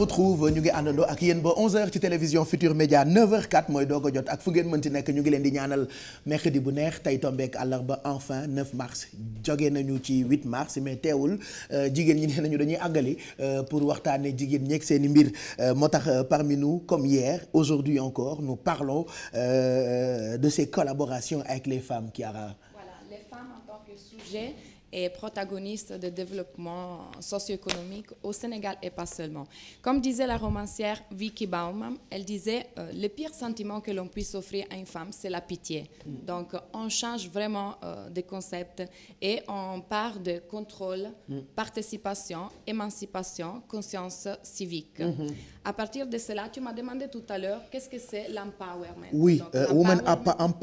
retrouve ñu ngi àndandoo ak yéen ba 11h ci télévision Futur Média 9h04 mooy doog a jot ak fu ngeen mënti nekk ñu ngi leen di ñaanal mercredi bu neex tey tombeek àllarba enfin 9 mars jóge nañu ci mars mais teewul euh, jigéen ñi nee nañu dañuy àggali euh, pour waxtaanee jigéen ñeek seeni i mbir euh, moo tax parmi nous comme hier aujourd'hui encore nous parlons euh, de ces collaborations avec les femmes Chiara. Voilà, les femmes en tant que sujet. et protagoniste de développement socio-économique au Sénégal et pas seulement. Comme disait la romancière Vicky Baum, elle disait euh, le pire sentiment que l'on puisse offrir à une femme, c'est la pitié. Mm. Donc on change vraiment euh, des de concept et on part de contrôle, mm. participation, émancipation, conscience civique. Mm -hmm. À partir de cela, tu m'as demandé tout à l'heure qu'est-ce que c'est l'empowerment. Oui, Donc, euh,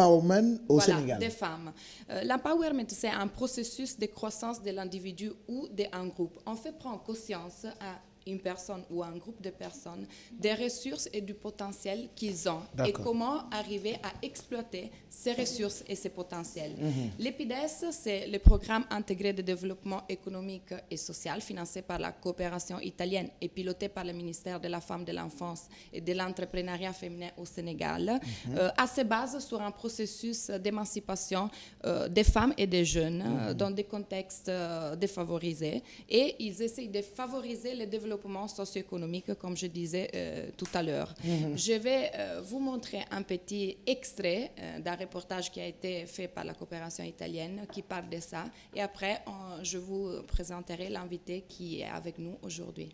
women au voilà, Sénégal. des femmes. Euh, l'empowerment, c'est un processus de croissance de l'individu ou d'un groupe. On fait prendre conscience à une personne ou un groupe de personnes des ressources et du potentiel qu'ils ont et comment arriver à exploiter ces ressources et ces potentiels. Mm c'est le programme intégré de développement économique et social financé par la coopération italienne et piloté par le ministère de la Femme, de l'Enfance et de l'Entrepreneuriat féminin au Sénégal, mm -hmm. euh, à se euh, des femmes et des jeunes mm dans des contextes euh, défavorisés et ils essayent de favoriser le développement développement socio-économique, comme je disais euh, tout à l'heure. Mm -hmm. Je vais euh, vous montrer un petit extrait euh, d'un reportage qui a été fait par la coopération italienne qui parle de ça. Et après, on, je vous présenterai l'invité qui est avec nous aujourd'hui.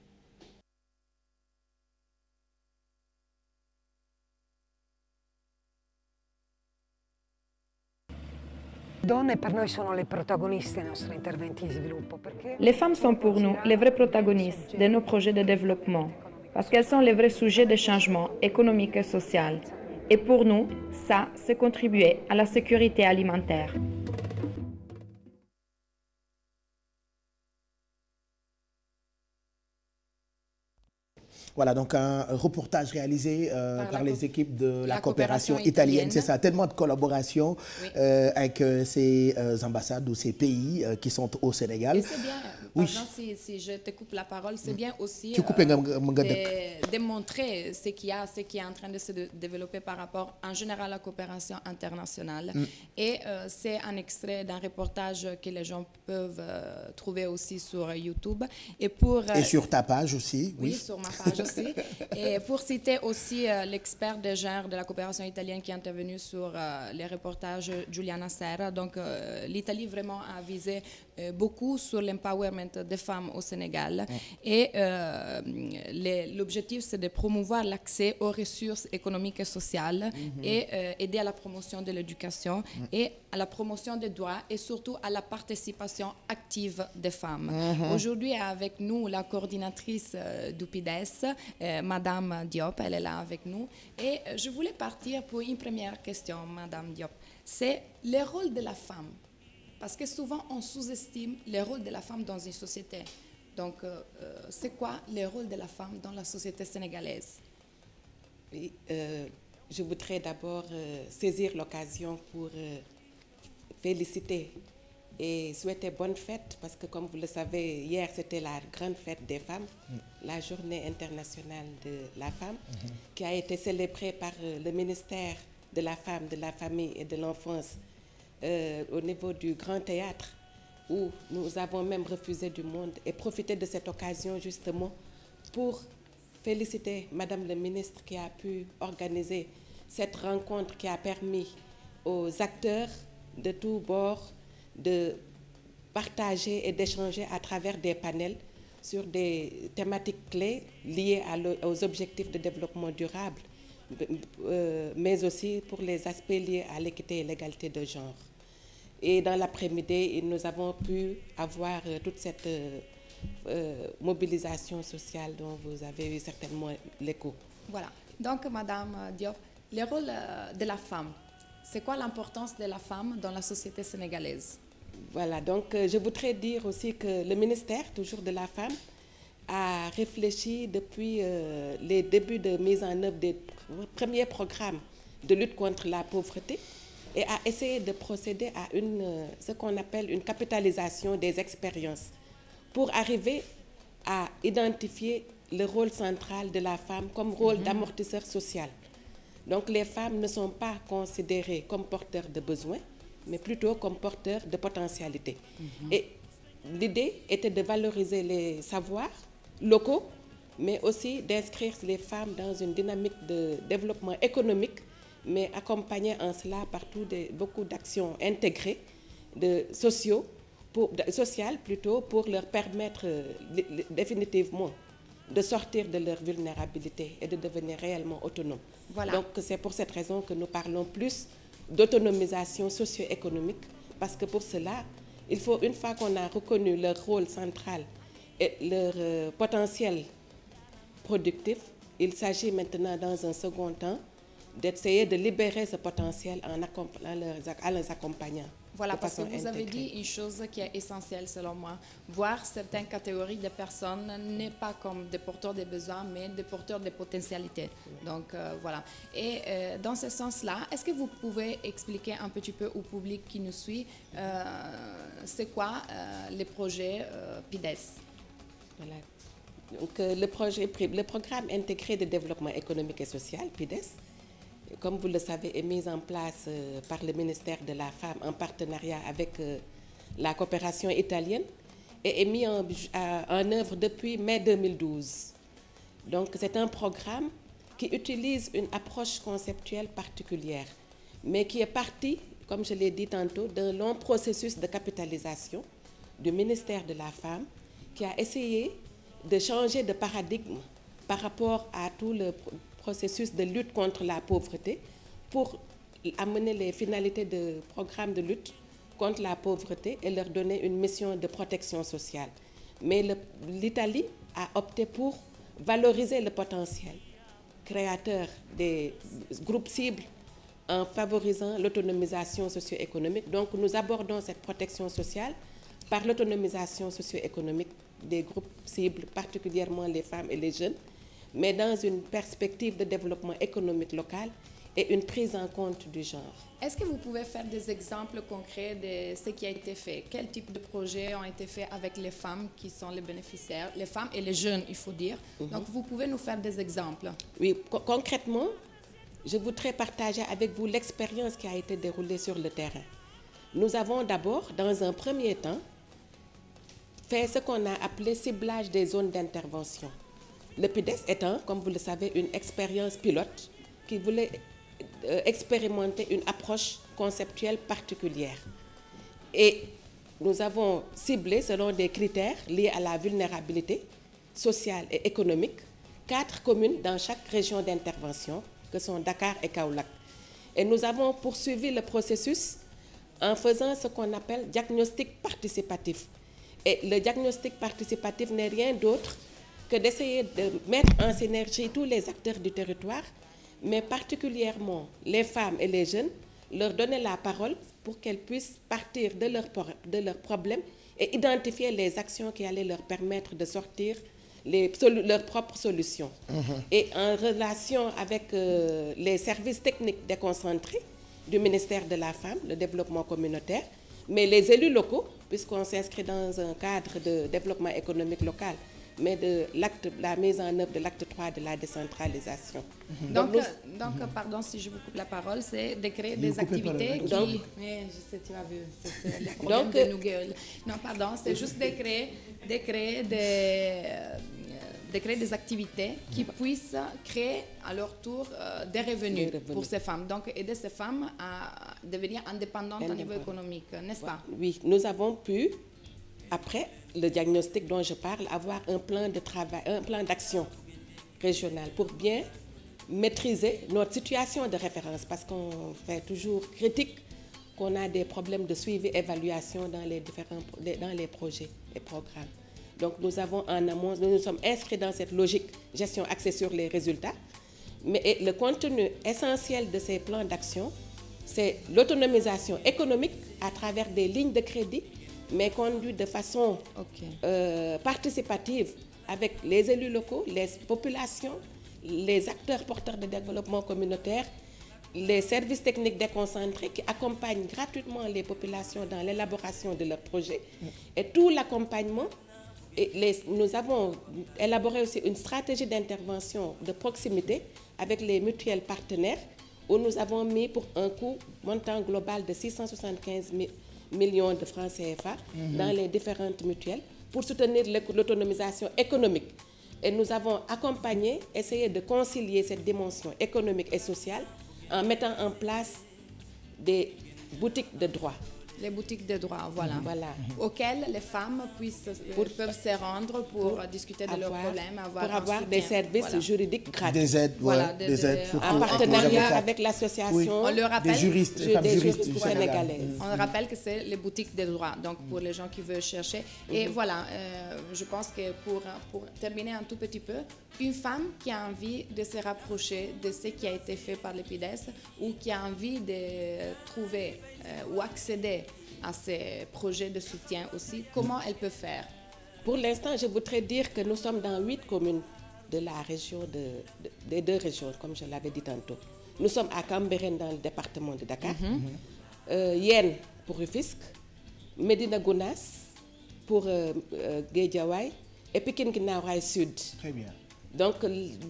Donne per noi sono le protagoniste dei nostri interventi di sviluppo. Les femmes sont pour nous les vraies protagonistes de nos projets de développement parce qu'elles sont les vrais sujets de changement économique et social. Et pour nous, ça, c'est contribuer à la sécurité alimentaire. Voilà, donc un reportage réalisé euh, par, les équipes de la, coopération, coopération, italienne, c'est ça, tellement de collaboration oui. euh, avec euh, ces euh, ambassades ou ces pays euh, qui sont au Sénégal. oui. Pardon, si, si je te coupe la parole, c'est mm. bien aussi euh, de démontrer ce qui est en train de se développer par rapport en général à la coopération internationale. Mm. Et euh, c'est un extrait d'un reportage que les gens peuvent euh, trouver aussi sur YouTube. Et, pour, Et sur citer aussi l'expert de genre de la coopération italienne qui est intervenu sur les reportages, Giuliana Serra. Donc l'Italie vraiment a visé Euh, beaucoup sur l'empowerment des femmes au Sénégal. Mm. Et euh, l'objectif, c'est de promouvoir l'accès aux ressources économiques et sociales mm-hmm. et euh, aider à la promotion de l'éducation mm. et à la promotion des droits et surtout à la participation active des femmes. Mm-hmm. Aujourd'hui, avec nous, la coordinatrice du PIDES, Madame Diop, elle est là avec nous. Et je voulais partir pour une première question, Madame Diop. C'est le rôle de la femme Parce que souvent, on sous-estime les rôles de la femme dans une société. Donc, euh, euh, c'est quoi les rôles de la femme dans la société sénégalaise oui, euh, Je voudrais d'abord euh, saisir l'occasion pour euh, féliciter et souhaiter bonne fête parce que, comme vous le savez, hier, c'était la grande fête des femmes, mmh. la journée internationale de la femme, mmh. qui a été célébrée par euh, le ministère de la femme, de la famille et de l'enfance euh, au niveau du Grand Théâtre où nous avons même refusé du monde et profité de cette occasion justement pour féliciter Madame le ministre qui a pu organiser cette rencontre qui a permis aux acteurs de tout bords de partager et d'échanger à travers des panels sur des thématiques clés liées à le, aux objectifs de développement durable, euh, mais aussi pour les aspects liés à l'équité et l'égalité de genre. dans l'après-midi nous avons pu avoir euh, toute cette euh, euh, mobilisation sociale dont vous avez eu certainement l'écho. Voilà. Donc, Madame Diop, le rôle de la femme, c'est quoi l'importance de la femme dans la société sénégalaise? Voilà, donc euh, je voudrais dire aussi que le ministère toujours de la femme a réfléchi depuis euh, les débuts de mise en œuvre des premiers programmes de lutte contre la pauvreté. et à essayer de procéder à une, euh, ce qu'on appelle une capitalisation des expériences pour arriver à identifier le rôle central de la femme comme rôle mm -hmm. d'amortisseur social. Donc les femmes ne sont pas considérées comme porteurs de besoins, mais plutôt comme porteurs de potentialités. Mm Et l'idée était de valoriser les savoirs locaux, mais aussi d'inscrire les femmes dans une dynamique de développement économique mais accompagné en cela par tout des beaucoup d'actions intégrées de sociaux pour de, sociales plutôt pour leur permettre euh, définitivement de sortir de leur vulnérabilité et de devenir réellement autonomes. Voilà. Donc c'est pour cette raison que nous parlons plus d'autonomisation socio-économique parce que pour cela, il faut une fois qu'on a reconnu leur rôle central et leur euh, potentiel productif, il s'agit maintenant dans un second temps d'essayer de libérer ce potentiel en accompagnant leurs, accompagnant. Voilà, parce que vous intégrée. avez dit une chose qui est essentielle selon moi. Voir certaines catégories de personnes n'est pas comme des porteurs de besoins, mais des porteurs de potentialités. Donc euh, voilà. Et euh, dans ce sens-là, est-ce que vous pouvez expliquer un petit peu au public qui nous suit, euh, c'est quoi euh, les projets euh, PIDES voilà. le, projet, le programme intégré de développement économique et comme vous le savez, est mise en place euh, par le ministère de la Femme en partenariat avec euh, la coopération italienne et est mis en, en œuvre depuis mai 2012. Donc c'est un programme qui utilise une approche conceptuelle particulière, mais qui est parti, comme je l'ai dit tantôt, d'un long processus de capitalisation du ministère de la Femme qui a essayé de changer de paradigme par rapport à tout le processus de lutte contre la pauvreté pour amener les finalités de programme de lutte contre la pauvreté et leur donner une mission de protection sociale. Mais l'Italie a opté pour valoriser le potentiel créateur des groupes cibles en favorisant l'autonomisation socio-économique. Donc nous abordons cette protection sociale par l'autonomisation socio-économique des groupes cibles, particulièrement les femmes et les jeunes. mais dans une perspective de développement économique local et une prise en compte du genre. Est-ce que vous pouvez faire des exemples concrets de ce qui a été fait? Quel type de projets ont été faits avec les femmes qui sont les bénéficiaires, les et les jeunes, il faut dire. Mm -hmm. Donc vous pouvez nous faire des exemples? Oui, co concrètement, je voudrais partager avec vous l'expérience qui a été déroulée sur le terrain. Nous avons d'abord, dans un premier temps, fait ce qu'on a appelé ciblage des zones d'intervention. Le PIDES étant, comme vous le savez, une expérience pilote qui voulait euh, expérimenter une approche conceptuelle particulière. Et nous avons ciblé, selon des critères liés à la vulnérabilité sociale et économique, quatre communes dans chaque région d'intervention, que sont Dakar et Kaolack. Et nous avons poursuivi le processus en faisant ce qu'on appelle diagnostic participatif. Et le diagnostic participatif n'est rien d'autre que d'essayer de mettre en synergie tous les acteurs du territoire, mais particulièrement les femmes et les jeunes, leur donner la parole pour qu'elles puissent partir de leurs de leurs problèmes et identifier les actions qui allaient leur permettre de sortir les leurs propres solutions. Mmh. Et en relation avec euh, les services techniques déconcentrés du ministère de la Femme, le développement communautaire, mais les élus locaux, puisqu'on s'inscrit dans un cadre de développement économique local. mais de l'acte la mise en œuvre de l'acte 3 de la décentralisation. Mmh. Donc, donc, le... Euh, donc, mhm. pardon si je vous coupe la parole, c'est de créer des activités qui... Donc, oui, je sais, tu m'as vu, c'est le problème de euh, euh, activités qui mhm. puissent créer à leur tour euh, des, revenus pour ces femmes. Donc aider ces femmes à devenir indépendantes Indépendant. au niveau économique, n'est-ce pas? Oui, nous avons pu, après le diagnostic dont je parle, avoir un plan de travail, un plan d'action régional pour bien maîtriser notre situation de référence parce qu'on fait toujours critique qu'on a des problèmes de suivi évaluation dans les différents dans les projets et programmes. Donc nous avons en amont, nous nous sommes inscrits dans cette logique gestion axée sur les résultats. Mais le contenu essentiel de ces plans d'action, c'est l'autonomisation économique à travers des lignes de crédit mais conduite de façon okay. euh, participative avec les élus locaux les populations les acteurs porteurs de développement communautaire les services techniques déconcentrés qui accompagnent gratuitement les populations dans l'élaboration de leurs projets mm. et tout l'accompagnement et les nous avons élaboré aussi une stratégie d'intervention de proximité avec les mutuelles partenaires où nous avons mis pour un coût montant global de 675 000 millions de francs CFA. Mhm. dans les différentes mutuelles pour soutenir l'autonomisation économique. Et nous avons accompagné, essayé de concilier cette dimension économique et sociale en mettant en place des boutiques de droit. les boutiques de droit, voilà, mhm. voilà. Mhm. auxquelles les femmes puissent, euh, pour, peuvent se rendre pour, pour euh, discuter de leurs problèmes, avoir des services juridiques gratuits. en partenariat avec l'association on le rappelle, des juristes, On rappelle que c'est les boutiques de droit, pour mhm. les gens qui veulent chercher. Et euh, je pense que pour, pour terminer un tout petit peu, une femme qui a envie de se rapprocher de ce qui a été fait par les e ou qui a envie de trouver ou accéder à ces projets de soutien aussi, comment elle peut faire Pour l'instant, je voudrais dire que nous sommes dans huit communes de la région de, de, des deux régions, comme je l'avais dit tantôt. Nous sommes à Cambérène dans le département de Dakar, mm -hmm. euh, Yen pour Rufisque, Medina Gounas pour euh, euh et Pekin Guinawaï Sud. Donc,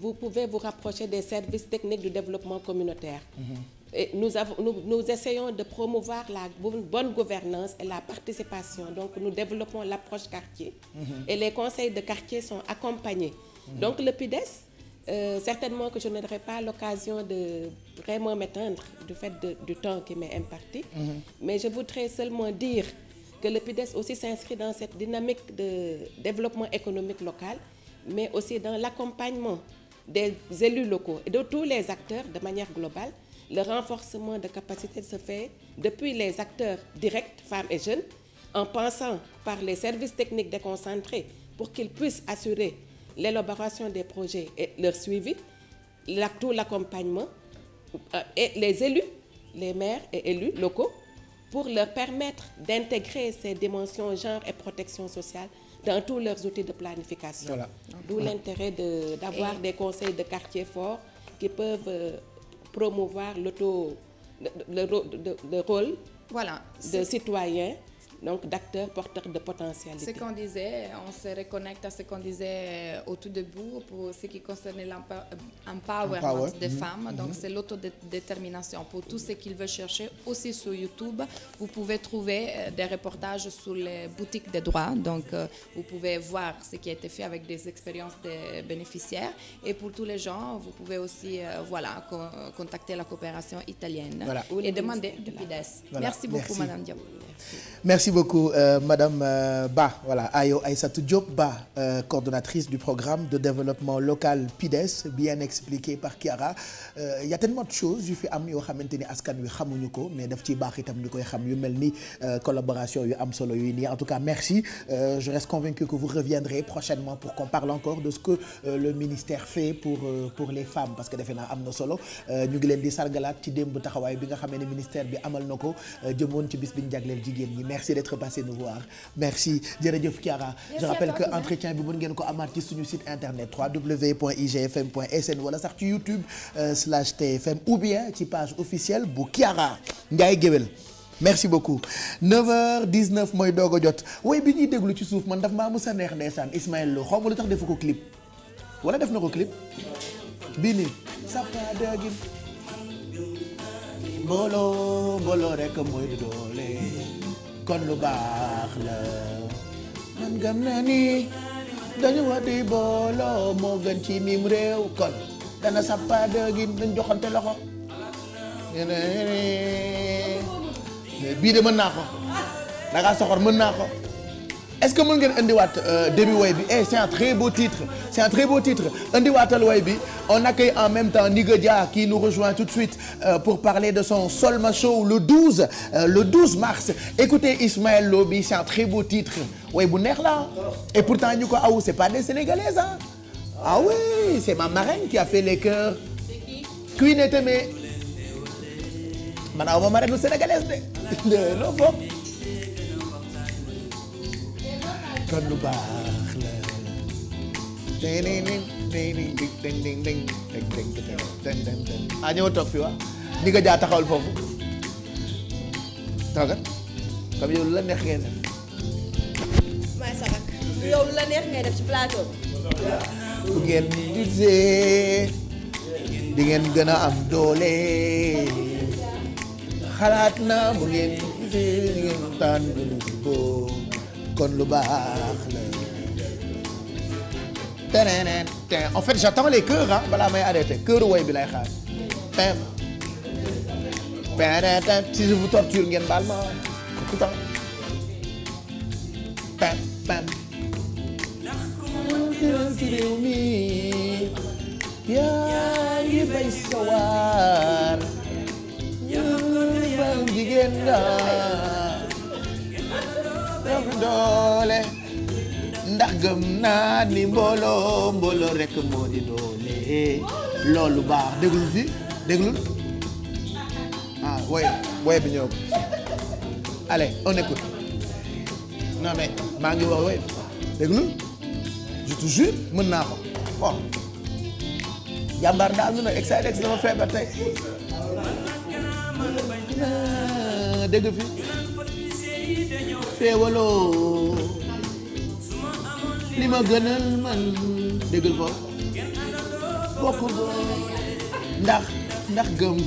vous pouvez vous rapprocher des services techniques du développement communautaire. Mhm. Et nous, avons, nous, nous, essayons de promouvoir la bonne gouvernance et la participation. Donc, nous développons l'approche quartier. Mmh. Et les conseils de quartier sont accompagnés. Mmh. Donc, le PIDES, euh, certainement que je n'aurai pas l'occasion de vraiment m'étendre du du temps qui m'est imparti. Mmh. Mais je voudrais seulement dire que le PIDES aussi s'inscrit dans cette dynamique de développement économique local, mais aussi dans l'accompagnement des élus locaux et de tous les acteurs de manière globale le renforcement de capacité se fait depuis les acteurs directs, femmes et jeunes, en pensant par les services techniques déconcentrés pour qu'ils puissent assurer l'élaboration des projets et leur suivi, tout l'accompagnement, euh, et les élus, les maires et élus locaux, pour leur permettre d'intégrer ces dimensions genre et protection sociale dans tous leurs outils de planification. Voilà. D'où l'intérêt d'avoir des conseils de quartier forts qui peuvent euh, promouvoir l'auto le, le, le, le rôle voilà de citoyen donc d'acteurs porteurs de potentialité. Ce qu'on disait, on se reconnecte à ce qu'on disait euh, au tout début pour ce qui concernait l'empowerment euh, Empower. des mmh. femmes. Donc mmh. c'est l'autodétermination. Pour tout ce qu'ils veulent chercher, aussi sur YouTube, vous pouvez trouver euh, des reportages sur les boutiques de droits. Donc vous pouvez voir ce qui a été fait avec des expériences des bénéficiaires. Et pour tous les gens, vous pouvez aussi voilà, contacter la coopération italienne voilà. et demander du PIDES. Voilà. Merci beaucoup, Merci. Madame Diop. Merci. merci beaucoup euh, madame euh, Ba ay Ayo Aïssatou Diop Ba euh, du programme de développement local PIDES bien expliqué par Kiara euh, y a tellement de choses yu fi am yoo xamante ni askan wi xamuñu ko mais def ci baax itam ñu koy xam yu mel ni euh, collaboration yu am solo yu nii en tout cas merci euh, je reste convaincu que vous reviendrez prochainement pour qu'on parle encore de ce que le ministère fait pour pour les femmes parce que defe naa am na solo ñu ngi leen di sargalaat ci démb taxawaay bi nga xamee ne ministère bi amal na ko jëmoon ci bi ñu jagleel jigéen d'être passé nous voir merci jërëjëf Chiara je rappelle que entretien bi mën ngeen ko amaat ci suñu site internet www.igfm.sn wala sax ci youtube euh, slash tfm ou bien ci page officielle bu Chiara Ndiaye Géwél merci beaucoup mooy doog a jot way bi ñuy déglu ci suuf man daf maa musa neex ndeysaan Ismaël Lo xaw lu tax defu ko clip wala def na ko clip bii nii sappa dëgg mbooloo mbooloo rek mooy doole kon lu baax la man gëm na ni dañu wati booloo moo gën ci mim réew kon dana sappa dëggin dañ joxante loxo bii de mën naa ko da soxor mën naa ko est-ce que mën ngeen indiwaat euh, début way bi eh c'est un très beau titre c'est un bi on accueille en même temps Niga Dia qui nous rejoint tout de suite euh, pour parler de son Solma Show le euh, le 12 mars écoutez Ismaël Lo bi c'est un très beau titre way bu neex la et pourtant ñu ko aw ah c'est pas des Sénégalaises ah oui c'est ma qui a fait les chœurs Queen Eteme man aw ma marraine sénégalaise de loolu kon lu baax la ah ñëw toog fi waa ni nga jaa taxawal foofu toogat comme yow lu la neex ngay def maay sa rak yow lu la neex ngay def ci plateau bu ngeen gisee di ngeen gën a am doole xalaat na mu ngeen gisee di ngeen tànn ko kon lu baax la teneen ten en fait j'attends les chœurs ah balaa may arrêté chœuru woy bi lay xaar ten ten ten si je vous torture ngeen baal ma tout temps ten ten yaa ngi bay sa waar jigéen nga ëpp doole ndax gëm naa ni mbooloo mbooloo rek moo di doole loolu baax déglu si déglul ah woy woy bi ñëw allez on écoute non maa ngi wax déglul je te jure mën naa ko bon oh. jàmbaar daal ñu ne excité excité dama feebar tey ah, dégg fi féewaloo li ma gënal man déggal foofu bokk ndax ndax gëm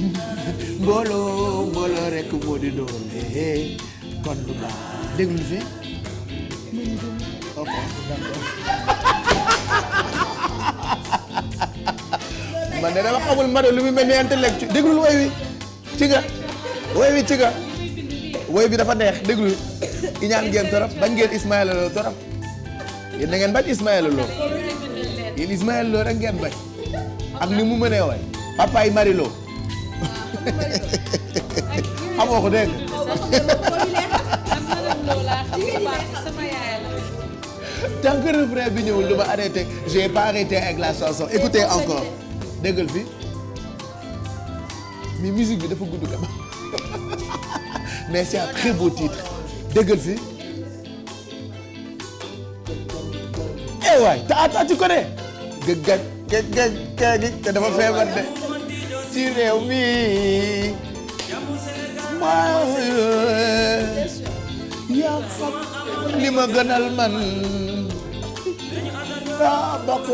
mbooloo mbooloo rekk moo di doole kon lu baax déglu fi man de xamul ma lu mu mel ni intellectuel déglul way wi ci nga way wi ci nga wooy bi dafa neex déglu iñaan ngeen torop bañ ngeen Ismaïla Lo torop yéen da ngeen bañ Ismaïla Lo yéen Ismaïla bañ ak ni mu mënee woy papaay Marilo xamoo ko dégg tant que bi ñëwul du ma arrêté j'ai pas arrêté avec la chanson écoutez encore déggal fi mais musique bi dafa gudd ka mais c'est un très beau si. eh waay te attends tu connais. gëgë gëgë gëgë te dafa feebar de. ci réew mi. yaa xam li ma gënal man. daa bokk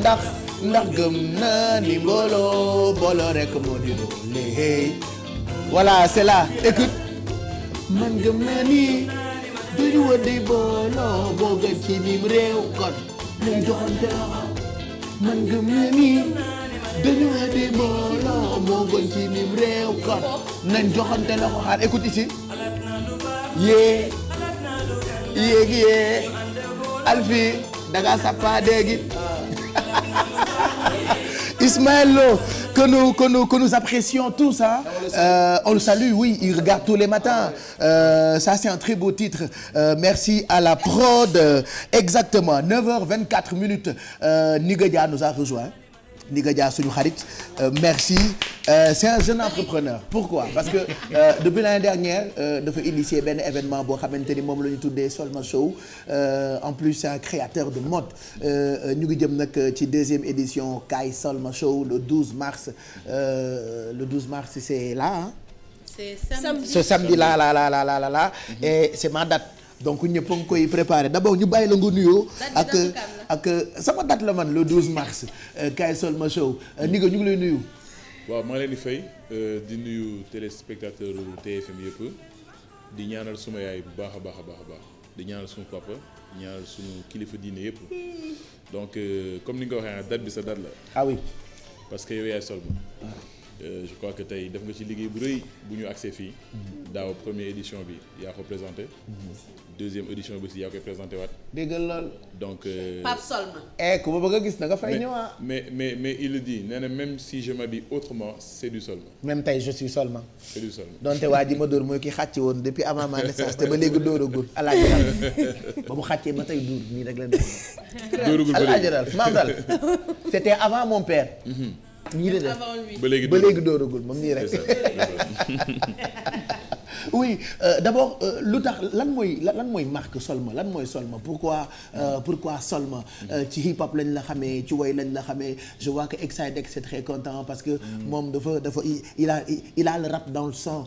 ndax ndax gëm na ni mbooloo booloo rek moo di doole. voilà c'est là écoute man gëm naa ni duñu wër booloo boo gën ci biir réew kon nañ joxante loxo man gëm naa ni duñu wër booloo boo gën ci biir réew kon nañ joxante loxo xaar ah, écoute ici yee yéegi yee Alfi da ngaa sappa déggi que nous que nous que nous apprécions tous ah. Euh, on le salue oui il regarde tous les matins euh, ça c'est un très beau titre euh, merci à la prod exactement 9h24 minutes euh, Niga Dia nous a rejoint Niga Dia suñu xarit euh, merci. Euh, c'est un jeune entrepreneur pourquoi parce que euh, depuis l'année dernière euh, dafa initier benn événement boo xamante ni moom la ñu tuddee Solma Show euh, en plus c'est un créateur de mode euh, ñu ngi jëm nag ci deuxième édition Kaay Solma Show le mars le 12 mars c'est là hein? c'est samedi ce samedi là là là là là là mm donc ñëpp a ngi koy préparé d'abord ñu bàyyi la nga nuyoo ak ak sama date la man le 12 mars kay Solma Show ni nga ñu ngi lay nuyu waaw maa leen di fay euh, di nuyu téléspectateur TFM yëpp di ñaanal suma yaay bu baax a baax a baax a baax di ñaanal suñu papa di ñaanal suñu kilifa diine yëpp donc euh, comme ni nga ko waxee date bi sa date la. ah oui parce que yow yaay sol ma euh, je crois que tey def nga ci liggéey bu rëy bu ñu accès fii mm-hmm. daaw première édition bi yaa ko présenté. Mm-hmm. deuxième édition bi si yaa koy présenté waat. déggal lool donc. Euh... Pape Solma. eh ku ma bëgg a gis na nga fay ñëwaat. mais mais mais il le dit nee na même si je m'habille autrement c'est du Solma. même tey je suis Solma. donte waa ji ma dóor mooy ki xàcce woon depuis avant ma naissance te ba léegi dóoragul alaaji Ralph ba mu xàccee ma tey dóor nii rek la nekk. dóoragul alaaji Ralph maam daal c'était avant mon père. Mhm. nii la def ba léegi dóoragul moom nii rek. oui euh, euh, lu tax lan mooy lan mooy marque Solma lan mooy Solma pourquoi euh, pourquoi Solma euh, ci hip hop lañ la xamee ci woy lañ la xamee je vois que Excidex c'est très content parce que mm. moom dafa dafa il a il a le rap dans le sang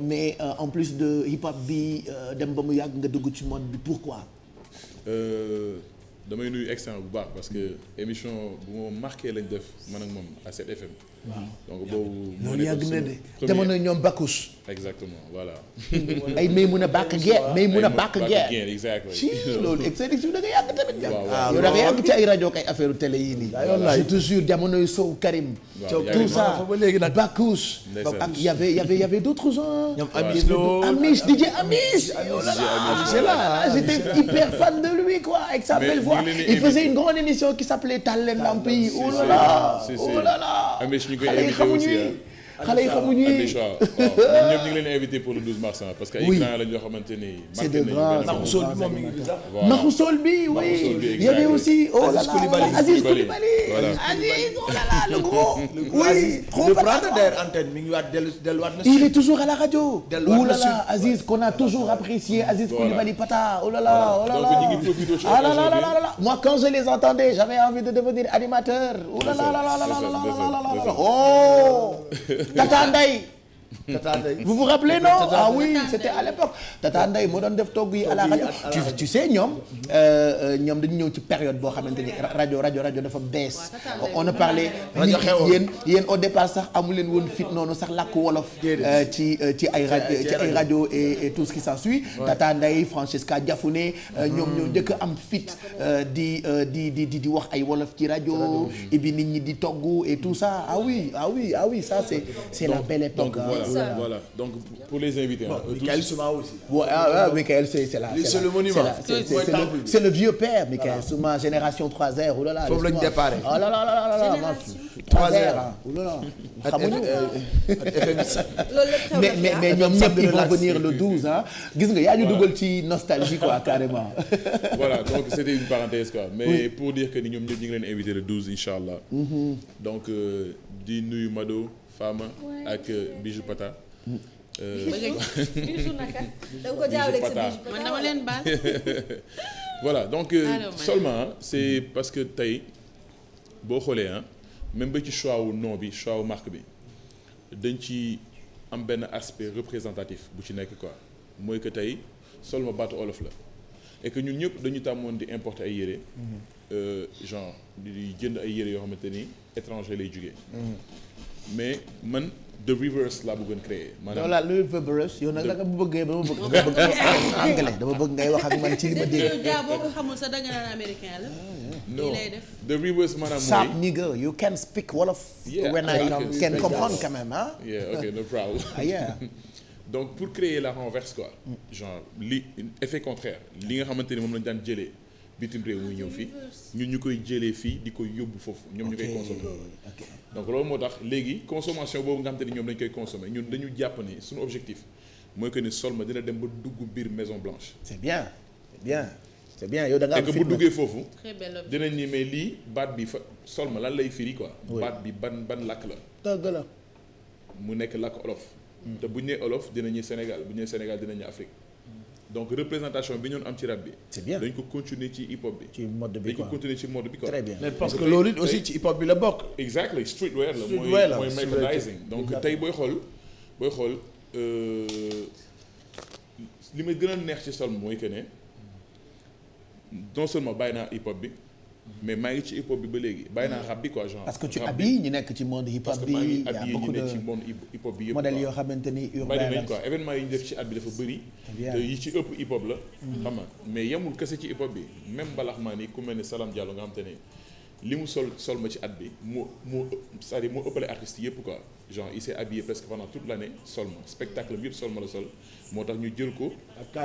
mais en plus de hip hop bi dem ba mu yàgg nga dugg ci mode bi pourquoi damay nuy excellent bu baax parce que émission bu ma marqué lañ def man ak moom à 7 FM donc boobu. loolu yàgg na de jamono ñoom Bakkus. exactement voilà. ay may mun a bàkk guerre may mun a bàkk guerre. exactement si loolu exercice bi da nga yàgg tamit. waaw yow da nga yàgg ci ay rajo ay affaire télé yii nii. wallaay toujours jamono yu Sow Karim. waaw tout ça Bakkus. ak y avait y avait y avait d' autres gens. ñoom Amis loo Amis DJ Amis. c'est là ah, j'étais hyper fan de lui quoi avec sa belle voix. il faisait une grande émission qui s'appelait Talen Lampi. oh là là oh là là. ñu koy invité aussi xale yi xamuñu yi ñëpp ñu ngi leen invité pour le 12 mars parce que ay grand lañ yoo xamante ni. c'est de grâce naxu sol bi moom mi ngi sax. naxu sol bi oui. il y avait aussi oh là là Aziz Koulibaly Aziz oh là là le gros. oui trop antenne mi ngi waat delluwaat na. il est toujours à la radio. delluwaat oh na si Aziz qu'on a toujours apprécié Aziz Koulibaly Pata oh là là oh ah là là. moi quand je les entendais j'avais envie de devenir animateur oh là là oh. tata Ndeye Tata Ndeye vous vous rappelez non ah oui c'était à moo doon def togg yi à la rajo ñoom euh, euh, ñoom dañu ñëw ci période boo xamante ni rajo rajo rajo dafa bees on a parlé yéen yéen au départ sax amu leen woon fit noonu sax làkk wolof euh, ci ci ay rajo rajo et tout ce qui s'ensuit Tata Ndeye Francesca Diafoune ñoom ñoo njëkk am fit di di di di di wax ay wolof ci rajo et bi nit ñi di togg et tout ça ah oui ah oui ah oui ça c'est la belle époque ça. Voilà, donc pour les invités. Bon, hein, euh, Michael Souma aussi. Ouais, ah, ouais, Michael, c'est là. C'est le monument. C'est le vieux père, Michael Souma, génération 3R. Oh là là. Foofu lañu déparé. Oh là là là là là. 3R. Oh là là. Xamuñu. Euh, euh, mais mais ah. mais ñoom ñëpp ils vont venir le 12 hein. Gis nga yaa ñu dugal ci nostalgie quoi carrément. Voilà, donc c'était une parenthèse quoi. Mais pour dire que ñoom ñëpp ñu ngi leen invité le 12 inchallah. Mm-hmm. Donc di nuyu Mado. Fama ak euh, Bijou Pata. Euh, Bijou naka da ko jaawale ak sa Bijou man dama leen baal. voilà donc euh, seulement c'est parce que tey boo xoolee ah même ba ci choix wu nom bi choix wu marque bi dañ ci am benn aspect représentatif bu ci nekk quoi mooy que tey seulement baatu olof la. et que ñun ñëpp dañu tàmmoon di importe ay yére mhm. genre di jënd ay yére yoo xamante ni étranger lay jugee mhm. mais man The Reverse laa bëggoon créer. maanaam non la le Reverse yow nag naka bu bëggee ba ma bëgg. dama bëgg anglais dama bëgg ngay wax ak man ci li ma dégg. dégg boo ko xamul sax da nga naan américain la. Mm-hmm. non The Reverse maanaam speak wolof. yeah when I can comprendre quand même ah. yeah ok no problem. Ah, yeah. donc pour créer la renverse quoi. genre li effet contraire li nga xamante ni moom lañu daan jëlee. bitim réew muy ñëw fii ñu ñu koy jëlee fii di koy yóbbu foofu ñoom ñu koy consommer donc loolu moo tax léegi consommation boobu nga xam te ni ñoom dañu koy consommer ñun dañu jàpp ni suñu objectif mooy que ni sol ma dina dem ba dugg biir Maison Blanche c'est bien bien yow da nga am duggee foofu dinañ ni mais lii baat bi fa sol ma lan lay firi quoi baat bi ban ban lakk la dëgg la mu nekk lakk olof hmm. te bu ñu nee olof dinañu Sénégal bu ñu nee Sénégal dinañu Afrique donc représentation bi ñoon am ci rap bi. c'est bien dañ ko continuer ci hip hop bi. ci mode bi quoi dañ ko continuer ci mode bi quoi. parce que loolu it aussi ci hip hop bi la bokk. exactly streetwear la mooy mooy merchandising donc tey booy xol booy xool euh, li may gën a neex ci sol mooy que ne non seulement bàyyi naa hip hop bi. mais maa ngi ci hip hop bi ba léegi bàyyi naa rap bi quoi genre. parce que tu habilles ñi nekk ci monde hip hop bi. a beaucoup de ci monde hip yëpp modèle yoo xamante ni urbain la bari nañ quoi événement yi ñu ci at bi dafa bëri. te yi mhm. ni ku mel ne Salam Diallo nga xam ne li mu sol sol ma ci at bi mu mu c'est-à-dire mu ëppale artistes yëpp quoi genre il s'est habillé presque pendant toute l'année sol ma spectacle bi yëpp sol ma la sol moo tax ñu jël ko.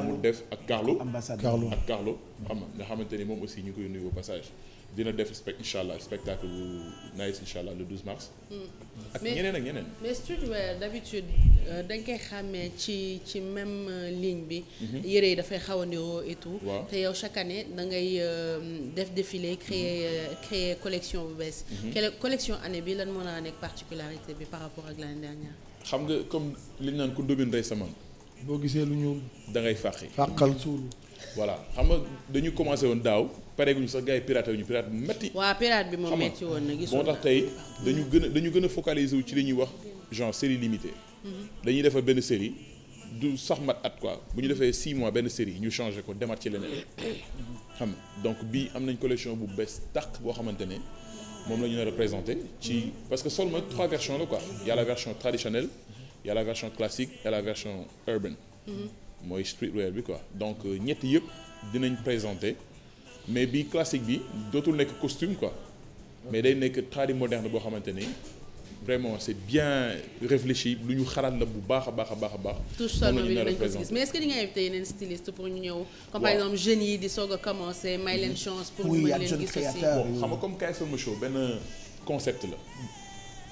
mu def ak Carlo. ambassadeur ak Carlo xam nga nga xamante ni moom aussi ñu koy nuyu au passage. dina def spec incha allah spectacle bu nice incha allah le 12 mars. Hmm. ak ñeneen ak ñeneen. mais streetwear d'habitude euh, dañ koy xàmmee ci ci même euh, ligne bi. Mhm. yére yi dafay xaw a niroo et te yow chaque année da ngay euh, def défilé créer mhm. créer collection bu bees. Mhm. quelle collection année bi lan moo naa nekk particularité bi par rapport ak l'année dernière. xam nga comme li ñu naan ku ndóbin rey sa man. boo gisee lu ñuul. da ngay fàqi. fàqal suul. voilà xam nga dañu commencé woon daaw. pare guñu sax gars yi pirate wu ñu pirate bu metti waaw pirate bi moom metti woon na gisoo moo tax tey dañu gën a dañu gën a focaliser wu ci li ñuy wax genre série limitée mhm. dañuy defar benn série du sax mat at quoi bu ñu defee 6 mois benn série ñu changé ko demat ci leneen xam nga donc bii am nañ collection bu bees tàq boo xamante ne moom la ñu na représenté ci parce que seulement trois versions la quoi y a la version traditionnelle y a la version classique et la version urban mhm. mooy streetwear bi quoi donc euh, ñett yëpp dinañ présenté mais bi classique bi dootul nekk costume quoi mais day nekk tradi moderne boo xamante ni vraiment c'est bien réfléchi lu ñu xalaat la bu baax a baax a baax a baax. touche sol bi dañ ko nga invité di soog a commencer may leen mm-hmm. chance. pour ñu mën leen gis aussi bon xam nga comme Show benn concept la.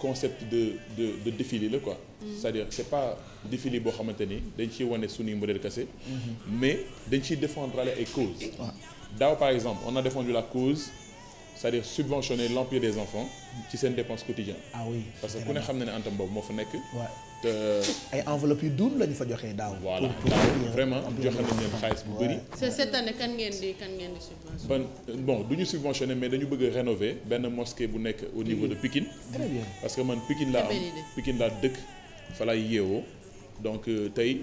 concept de de de défilé la quoi. Mm-hmm. c'est-à-dire c'est pas défilé boo xamante ni dañ ciy wane suñuy modèle kese. Mm-hmm. mais dañ ciy défendre ay causes. daaw par exemple on a défendu la cause c'est-à-dire subventionner l'emploi des enfants ci seen dépense quotidienne ah parce que ku ne xam na ne antam boobu moo fa nekk te ay enveloppe yu duun la ñu fa joxee daaw voilà daaw vraiment joxe nañ leen xaalis bu bëri ngeen di kan bon du ñu subventionné mais dañu bëgg a benn mosquée bu nekk au niveau de Pikine très bien parce que man Pikine laa am Pikine laa dëkk fa laay yeewoo donc euh, tey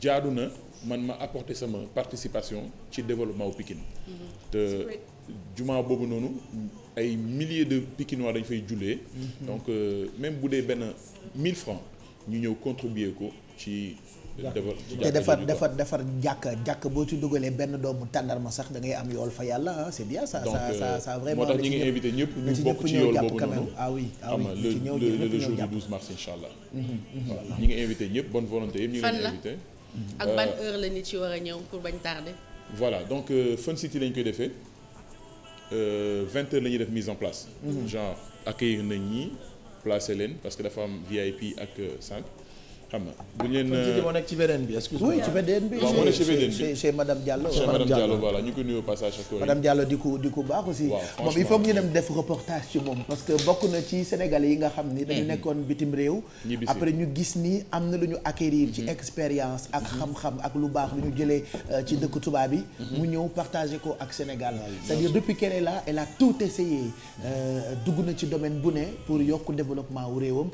jaadu na man ma apporter sama participation ci développement wu Pikine mm-hmm. te jumaa boobu noonu ay milliers de Pikinois dañu fay jullee mm-hmm. donc euh, bu dee benn 1000 francs ñu ñëw contribuer ko ci te defar defar defar jàkk jàkk boo ci dugalee benn doomu tàndarma sax da ngay am yool fa yàlla ah c'est bien ça donc, ça euh, ça ça moo tax ñi ngi invité ñëpp ñu bokk ci yool boobu noonu ah oui ah oui le jour du 12 mars incha allah. incha allah ñu ngi invité ñëpp ak ban heure la nit ci war a ñëw pour bañ tardé. voilà donc euh, Fun City lañ koy defee euh, vingt heures la ñuy def mise en place. Mhm. genre accueillir nañ ñi placer leen parce que dafa am VIP ak simple. Euh, xam nga bu ñu leen euh, moo nekk ci VDN bi excuse moi. oui ci VDN bi. waaw moo nekk ci VDN bi c'est c'est madame Diallo. c'est madame Diallo voilà ñu ko nuyu passage ak madame Diallo di ku di ku baax aussi. moom il faut que ñu dem def reportage ci moom. parce que bokk na ci Sénégalais yi nga xam ni dañu hmm. nekkoon bitim réew. après ñu gis ni am na lu ñu acquérir. ci hmm. expérience ak hmm. xam-xam ak lu baax lu ñu jëlee euh, ci dëkk tubaab bi. mu ñëw partager ko ak Sénégal. c'est-à-dire depuis qu'elle est là elle a tout essayé. Euh, dugg na ci domaine bu ne pour yokk développement wu réewam.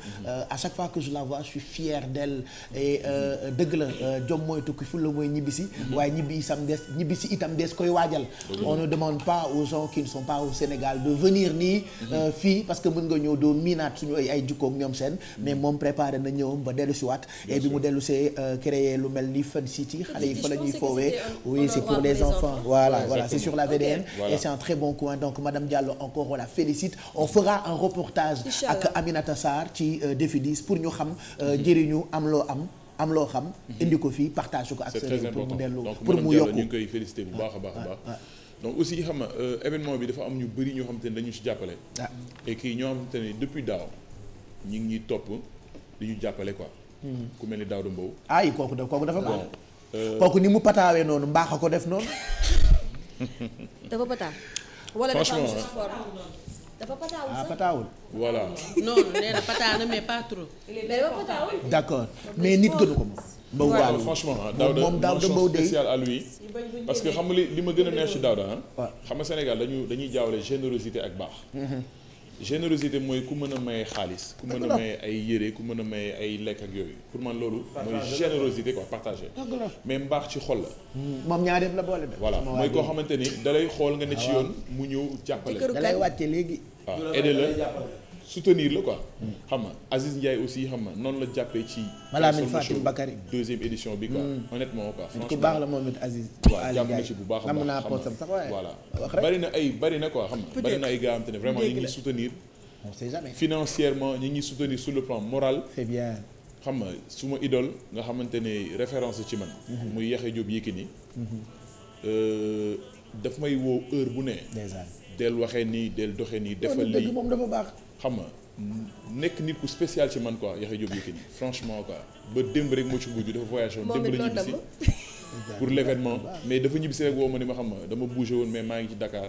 à chaque fois que je la vois je suis fier d'elle xel euh, euh, dëgg la euh, jom mooy tukki fulla mooy ñibbisi mm-hmm. waaye ñibbi sam des ñibbisi itam des koy waajal mm-hmm. on ne demande pas aux gens qui ne sont pas au Sénégal de venir nii mm-hmm. fii parce que mën nga ñëw doo miinaat suñu ay ay jikkoog ñoom seen mais moom préparé na ñëwam ba dellu si waat et bi mu dellu see créé lu mel ni Fun City xale yi fa la ñuy foowee oui c'est pour les enfants voilà voilà c'est sur la VDN et c'est un très bon coin donc madame Diallo encore on félicite on fera un reportage ak Aminata am loo am am loo xam. Mhm. indi ko fii partage ko ak. c'est très important pour mu dellu pour mu yokku donc ñu ngi koy félicité bu baax a baax a baax. donc aussi xam nga euh, événement bi dafa am ñu bëri ñoo xamante ne dañu si jàppale. Ah. et kii ñoo xamante ne depuis daaw ñu ngi ñuy hmm. ku mel ni Daouda Mbow. ay kooku dafa kooku dafa baax. Euh, kooku ni mu pataawee noonu mbaax a ko def noonu. dafa pataa. wala dafa dafa pataawul ah pataawul. voilà non nee pataana mais pas trop. mais nit gënu ko moom. Mbow waaw franchement Daouda moom Daouda Mbow de spécial parce que xam nga li li ma gën a neex ci Daouda ah. xam nga Sénégal dañu dañuy jaawale générosité ak baax. Mhm. générosité mooy ku mën a maye xaalis ku mën a maye ay yére ku mën a maye ay lekk ak yooyu pour man loolu mooy générosité quoi partagé mais mbaax ci xool la moom ñaar def la boole mooy koo xamante ni dalay xool nga ne ci ah. yoon mu ñëw jàppale dalay wàcce léegi waaw aide la soutenir la quoi. xam nga Aziz Ndiaye aussi xam na noonu la jàppee ci. Malamine Fatim Bakary deuxième édition bi quoi. Mm. honnêtement quoi franchement ku baax la moom it na ci bu baax a baax naa poosam sax waaye. voilà bari na ay bari na quoi xam nga bari na ay gars am te ne vraiment ñu ngi soutenir. on sait jamais financièrement ngi soutenir sur le plan moral. c'est bien. xam nga su ma idole nga xamante ne référence ci man. Mhm. muy Yaxya Diop Yékini. Mhm. Euh, daf may woo heure bu ne. dèjà del waxee nii del doxee nii. defal lii moom dafa baax. xam nga nekk nit ku spécial ci man quoi Yaxya Jóob Yékini franchement ko ba démb rek moo ci mujj dafa voyagé woon démb la ñibbisi pour l' événement mais dafa ñibbisi rek woo ma ni ma xam ma dama bougé woon mais maa ngi ci Dakar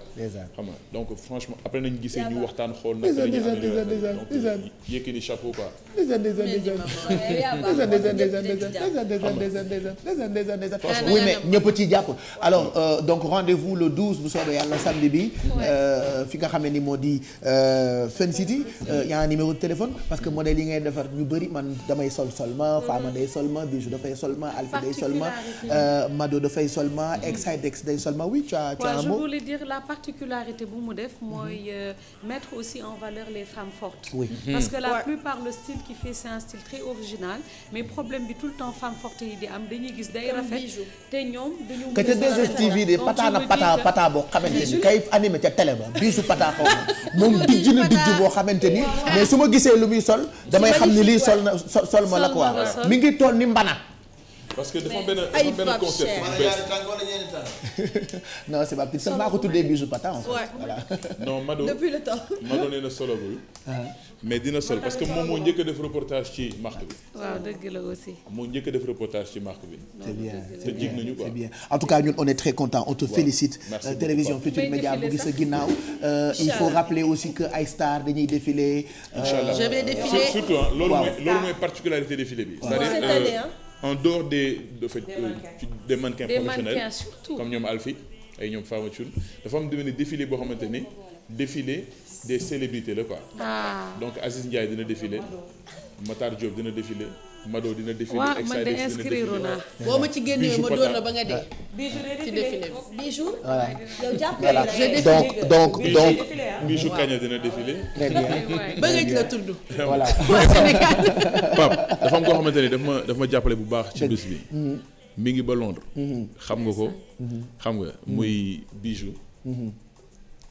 xam nga donc franchement après nañ gisee ñu waxtaan xool nag dañuy améliorer donc yëkki ni chapeau quoi dèjà dèjà dèjà dèjà dèjà dèjà fi nga xam ne ni moo di euh, Fun City euh, yaa numéro de téléphone parce que modèle yi ngay defar ñu bëri man damay sol solma mm-hmm. Fama day solma Bijou dafay solma Alpha day solma Mado dafay seulement mhm. Exidex day seulement oui tu as tu as un la particularité bu mu def mooy mhm. euh, mettre aussi en valeur les femmes fortes oui. Mhm. c'est un style très original mais problème bi tout le temps femmes fortes yi di am dañuy gis day rafet te ñoom dañu que de pataa na pataa boo xamante ni kay animé ca télé ba biisu pataa xaw moom dijj na dijj boo xamante ni mais su ma gisee lu muy sol damay xam ni lii sol na sol ma la ngi toll ni mbana parce que dafa benn dafa benn concept bu bees non c'est pas pire sax maa ko tuddee bijou patin en fait non Mado na solo bul. Ah. mais dina sol parce que moom moo njëkk a def reportage ci marque bi. waaw moo njëkk a def reportage ci marque bi. c'est bien te jig nañu quoi. c'est bien en tout cas ñun on est très content on te félicite. Euh, télévision Futurs Médias mu ngi sa ginnaaw. Euh, il faut rappeler aussi que ay stars dañuy défiler. Euh, incha allah je vais défiler mooy loolu mooy particularité défilé bi. cest en dehors des de fait des euh, mannequins professionnels comme ñoom Alfie ay ñoom Fama Thioune dafa am demee défilé boo xamante ni défilé des célébrités la quoi ah. donc Aziz Ndiaye dina défilé Matar Diop dina défilé Mado dina définir. waaw de inscrire naa. ma ci génnee ma doon la ba nga dee. Ah. ci défilé Bijou. voilà voilà donc donc donc. Bijou la tudd. koo xamante ne daf ma daf ma jàppale bu baax ci bés bi. Mm-hmm. mi ngi ba Londres. Mm-hmm. xam nga ko. Mm-hmm. xam nga muy Bijou.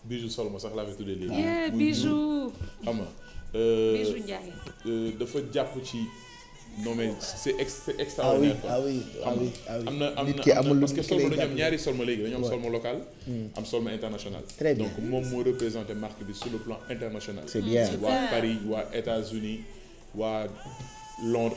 Bijou sol ma sax laa fi tuddee léegi. Bijou. xam nga. Euh, euh, dafa jàpp ci. non mais c'est extraordinaire ah oui am na am na parce que solma dañu am ñaari solma léegi dañu am solma local hmm. am solma international donc moom moo représenté marque bi sur le plan international c'est waa Paris waa États-Unis waa Londres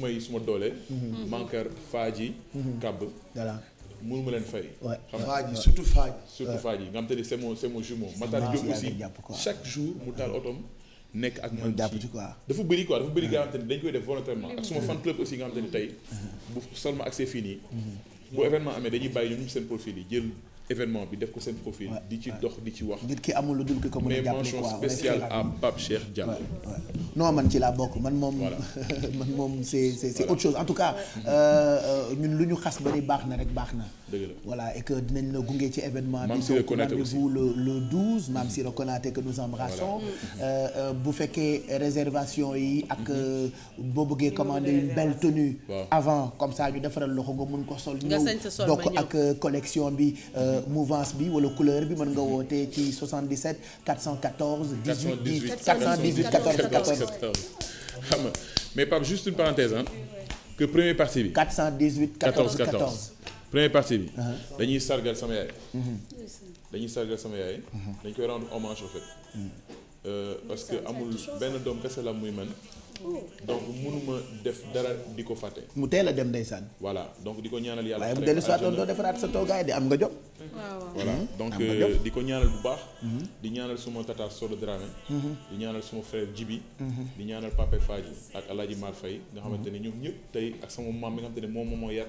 sumay suma doole. Mhm. Mankar Faaji. Mhm. Kàbb. voilà ma leen fay. xam Faaji surtout Faaji. surtout Faaji nga xam te ne c'est mon c'est mon jumeau. Matar Diop aussi chaque jour mu taal otom nekk ak man ci dafa bëri quoi dafa bëri nga xam te ne dañ koy def volontairement ak suma mm-hmm. fan club aussi nga xam te ne mm-hmm. bu Salma accès fii nii. Mm-hmm. bu événement amee dañuy bàyyi ñoom seen profil yi jël. événement bi def ko seen profil. di ci dox di ci wax. ngir ki amul lu dul ki ko mën a jàppale mais mention spéciale à Pape Cheikh Diallo. non man ci laa bokk man moom. man moom c'est c'est c'est en tout cas. Euh, euh, ñun lu ñu xas ba ni baax na rek baax na. voilà et que dinañ la gunge ci événement bi. donc rendez-vous le le 12. Mame Siré Konaté que nous embrassons. Euh, bu fekkee réservation yi ak mhm. boo bëggee commander une belle tenue. avant comme ça ñu defaral loxo nga mun ko sol. ñëw bokk ak collection bi. mouvance bi wala couleur bi mën nga wootee ci 77 414 18 10 418 14 14 xam nga mais Pape juste une partie bi 418 14 14 première partie bi uh-huh. dañuy sargal sama yaay mm-hmm. dañuy sargal sama yaay mm-hmm. dañ koy rendre hommage au fait mm-hmm. euh, parce que amul benn doom kese muy man donc mënuma def dara di ko fàtte. mu teel a dem ndeysaan. voilà donc di ko ñaanal yàlla. waaye bu dellu si waatoon doo defaraat sa toogaay di am nga jom. voilà hmm? donc euh, di ko ñaanal bu baax. Hmm? di ñaanal suma tata Sodo Dramé. Hmm? di ñaanal suma frère Jibi. di ñaanal Pape Fadji ak El Hadj Mar Faye nga xamante ne ñoom ñëpp tey ak sama maam bi nga xamante ne moom moo yar.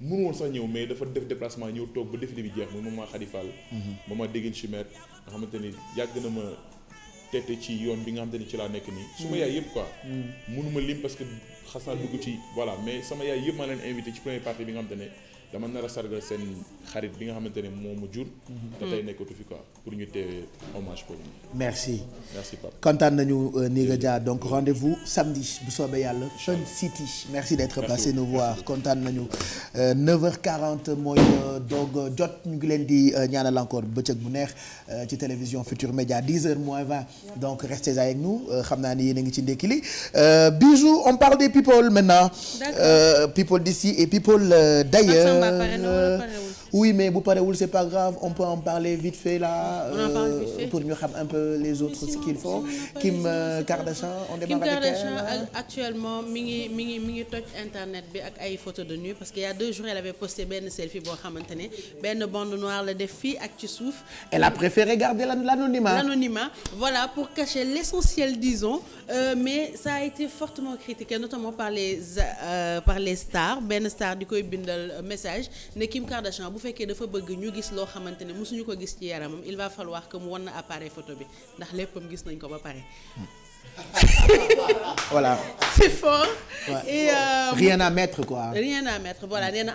mënu woon sax ñëw mais dafa def déplacement ñëw toog ba défilé bi jeex muy maman Khady Fall mhm. maman Déguène Chimère nga xamante ni yàgg na ma tete ci yoon bi nga xamante ni ci laa nekk nii suma mhm. yaay yëpp quoi mhm. mënuma lim parce que xas naa dugg ci voilà mais sama yaay yëpp maa leen invité ci première partie bi nga xamante ne dama nar a sargal seen xarit bi nga xamante ne moo mu jur. Mhm. te tey mhm. nekkatu quoi pour ñu teewee hommage boobu. merci kontaan nañu euh, Ndiga Dia donc rendez-vous samedi bu soobee yàlla. Fun City merci d'être passé nous voir kontaan nañu 9h40 euh, mooy euh, doog jot ñu ngi leen di ñaanal encore bëccëg bu neex ci télévision future Média 10h mois 20 donc restez avec nous xam naa ni yéen ngi ci ndekki li bisous on parle des people maintenant. people d'ici et people d'ailleurs. combat pare na wala pare wul oui mais bu parewul c'est pas grave on peut en parler vite fait là euh, pour ñu xam un peu les autres ce qu'ils font Kim euh, Kardashian on Kim Kardashian actuellement mi ngi mi ngi mi ngi toj internet bi ak ay photos de nu parce que il y a deux jours elle avait posté benn selfie boo xamante ne benn bande noire la def fii ak ci suuf. elle a préféré garder l'anonymat l'anonymat voilà pour cacher l'essentiel disons euh, mais ça a été fortement critiqué notamment par les euh, stars benn star di koy bindal message ne Kim Kardashian fekkee dafa bëgg ñu gis loo xamante ne mosuñu ko gis ci yaramam il va falloir que mu wan na appareil photo bi ndax léppam gis nañ ko ba pare. voilà c'est fort. Ouais. et euh, rien à mettre quoi. rien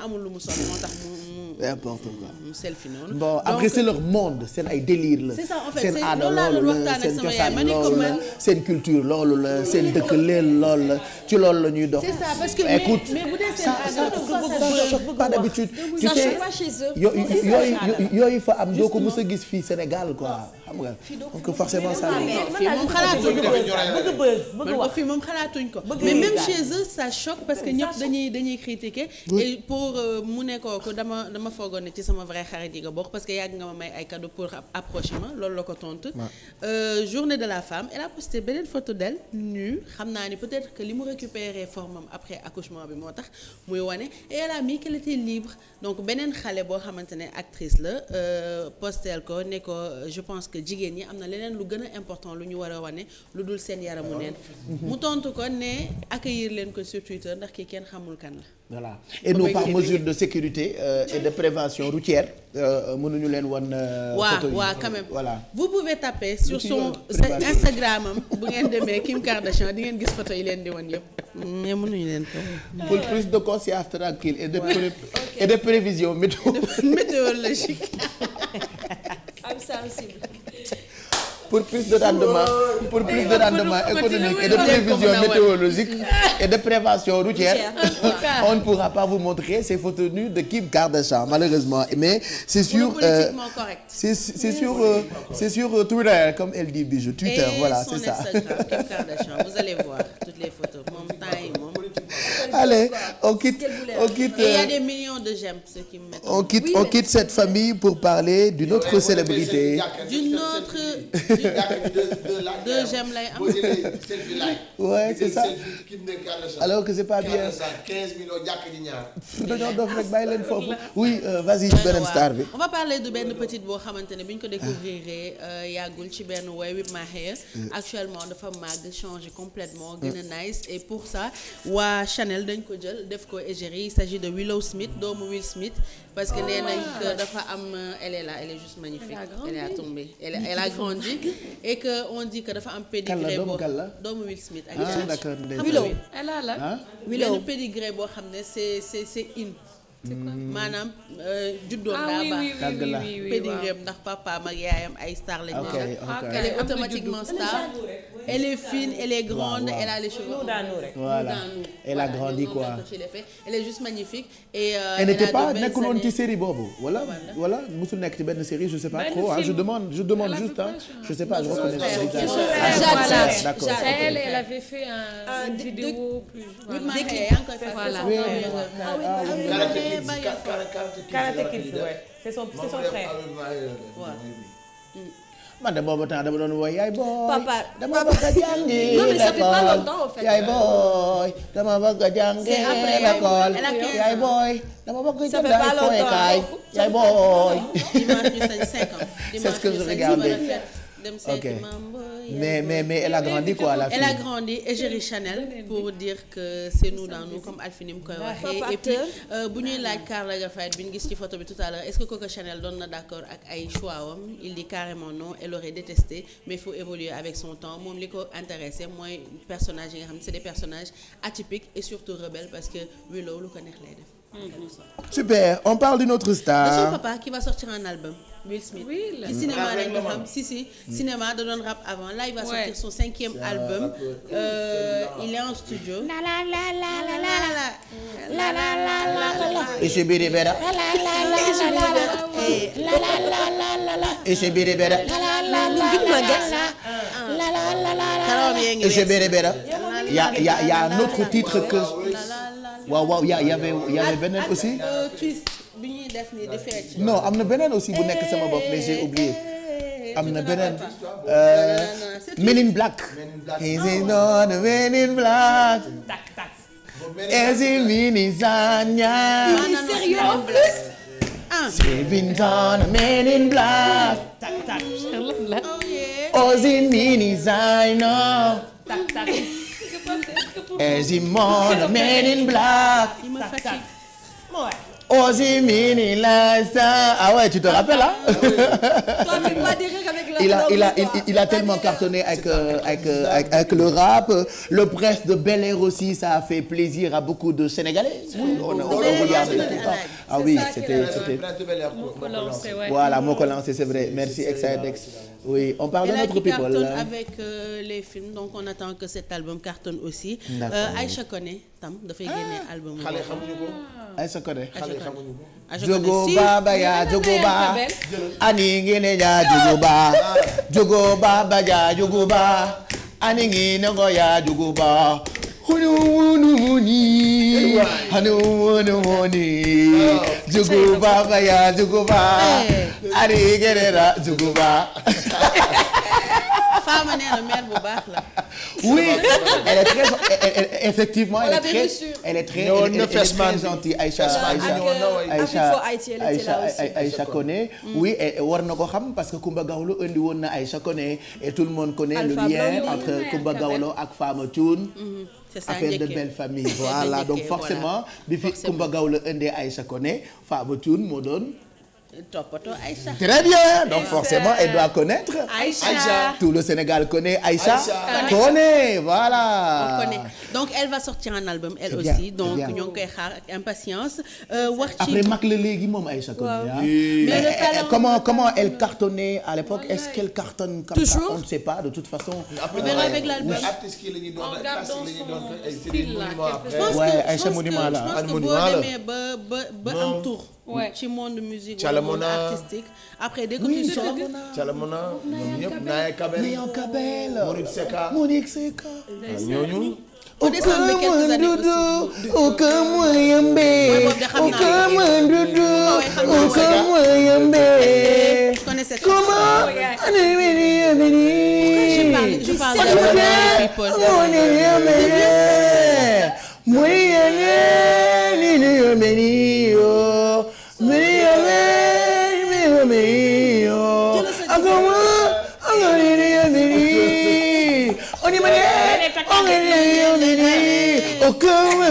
amul lu mu sol moo tax mu. c'est important quoi. mu selfie noonu. bon après c'est leur monde seen ay délire la. c'est ça en fait seen aada loolu la seen cosaan loolu la seen culture loolu la seen dëkk leen loolu la ci loolu la ñuy dox. c'est ça parce que mais mais bu dee seen aada ça choque pas d'habitude. tu sais yooyu yooyu fa am doo ko mës a gis fii Sénégal quoi xam nga donc forcément ça. fii moom xalaatuñ ko bëgg bëgg bëgg wax fii moom xalaatuñ ko. mais même chez eux ça choque parce que ñëpp dañuy dañuy critiquer. et pour euh, mu ne ko dama dama. dama foogoon ne ci sama vrai xarit yi nga bokk parce que yàgg nga ma may ay cadeau pour approcher ma la ko tontu. Euh, journée de la femme elle a posté beneen photo d'elle nue xam naa ni peut-être que li mu récupéré forme am après accouchement bi moo tax muy wane et elle a mis qu'elle libre donc beneen xale boo xamante ne actrice la euh, postel ko ne ko je pense que jigéen ñi am na leneen lu gën a important lu ñu war a wane lu dul seen yaramu neen ah. mu tontu ko ne accueillir leen ko sur ndax kii kenn xamul kan la. voilà et nous par mesure de sécurité euh, et de prévention routière euh, mënuñu leen wan. Euh, photo waa waaw waaw voilà. vous pouvez taper sur son Instagram am bu ngeen demee Kim Kardashian di ngeen gis photo yi leen di wan yëpp. mais mënuñu leen ko. pour plus de conscience tranquille et de. Ouais. de prévision météo. météorologique. am sensible. pour plus de rendement pour plus de rendement économique et de prévision météorologique et de prévention routière on ne pourra pas vous montrer ces photos nues de Kim Kardashian malheureusement mais c'est sur euh, euh, euh comme elle dit Bijou Twitter voilà c'est ça Allez, on quitte, on quitte. Euh, de j'aime, ceux qui me mettent. cette famille pour parler d'une autre célébrité. D'une autre. Deux j'aime lay am. Ouais, c'est pas bien. oui euh, vas-y ci bi. on va parler de benn petite boo xamante ne bi ñu ko découvrir euh, yàggul ci benn way with my hair. actuellement dafa màgg changer complètement gën et pour ça waa Chanel. dañ ko jël def ko égérie il s'agit de Willow Smith doomu Will Smith parce que nee nañ ah. dafa am euh, elle est là elle est juste magnifique elle a tombé elle elle a grandi et que on dit que dafa am pédigré boo doomu Will Smith ak ah, Willow elle a la pédigré boo xam ne c'est c'est c'est in c'est quoi mm. maanaam euh, juddoo daa ah, baax tàgg la pédigreem ndax papaam ak yaayam ay star lañ ok ok elle est automatiquement star elle est fine elle est grande elle a les cheveux voilà est juste magnifique et euh, elle n'était pas nekkul woon ci série boobu ah, voilà voilà musul nekk ci benn série je sais pas trop ah je demande je je sais pas je reconnais ah, d'accord elle elle avait fait une vidéo plus voilà mais bàyyi Karate Kids waay c'est son c'est son frère mm. man de boobu temps dama doon woy yaay booy. papa dama bëgg a jàngi. non mais ça fait pas longtemps en fait. yaay booy dama bëgg a jàngi. c'est après yaay booy dama bëgg a jàngi fooyekaay yaay booy. c'est ce que je regardais. dem seeti maam mais mais mais elle a grandi quoi la fille. a grandi égérie Chanel pour dire que c'est nous dans nous comme Alphine mu koy waxee. et puis euh, bu ñuy laaj Karla Gafaye bi ñu gis ci photo Chanel doon na d'accord ak ay choix am il dit carrément non elle aurait détesté mais il faut évoluer son temps moom li ko intéressé mooy personnage yi nga xam ne c'est des personnages atypiques et surtout rebelles parce que Willow lu ko neex mm. on parle d'une autre star. de son papa qui va sortir un Will Smith ci cinéma lañ ko xam si si cinéma da doon rap avant là il va sortir son cinquième album il est en studio la la la la la la la la la Isibiri Beda Isibiri Beda Isibiri Beda y a y a y a un autre titre que waaw waaw y a y avait y avait beneen aussi bi def non am na beneen aussi bu nekk sama bopp mais j'ai eh, eh, eh, am na beneen euh, Men in Black is Black tak tak is mini sanya sérieux en plus ah. Black tak tak Ozzy mini sanya Black tak tak Osimini l'instant. Ah ouais, tu te rappelles hein? Ah il a il tellement cartonné euh, euh, avec le rap, le presse de Bel aussi, ça a fait plaisir à beaucoup de Sénégalais. on, on, on le temps. Ah oui, c'était c'était c'est vrai. Merci Exadex. Oui, on parle de notre people. Avec euh, les films, donc on attend que cet album cartonne aussi. Aïcha Koné tam dafay génne ah, album. xale xamuñu ah. jogo baba ba ya jogo ba jogo baba ya jogo ba ya jogo ba huni hunu hunu huni jogo baba ya jogo ba ani ngene ra jogo ba Oui, elle est très, elle, elle, elle, effectivement, elle est très, elle est très, elle est mm. Mm. Eh, eh, war na ko xam parce que Kumba Gawlo indi woon na Aïcha connaît et tout le monde connaît le lien entre Kumba ak Fama Thioune. Mm-hmm. affaire de belle famille. voilà donc forcément bi fi Kumba Gawlo indee Aïcha connaît Fama Thioune moo doon. toppatoo Aïcha. très bien donc forcément elle doit connaître. Aïcha. tout le Sénégal connaît Aïcha. Aïcha connaît voilà. donc elle va sortir un album elle aussi donc ñoo ngi koy xaar ak impatience. Euh, wax ci après mag la léegi moom connaît comment elle cartonnait à l'époque est-ce qu'elle cartonne comme Toujours? pas de toute façon. après ay monument après. je pense que ouais ci monde musique. Calamona artistique après dès que tu sors. Calamona ñoom ñëpp Naya Kabel Naya Kabel Monique Seka Monique Seka ñooñu. au cas ma dudu au cas ma yembe au cas ma dudu au cas ma yembe. comment. je parle de people. Oh, come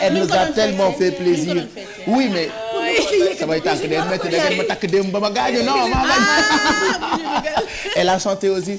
and you a tellement fait plaisir. Oui, mais. samay takk ba ma gaañu non maa ah, a chanté aussi.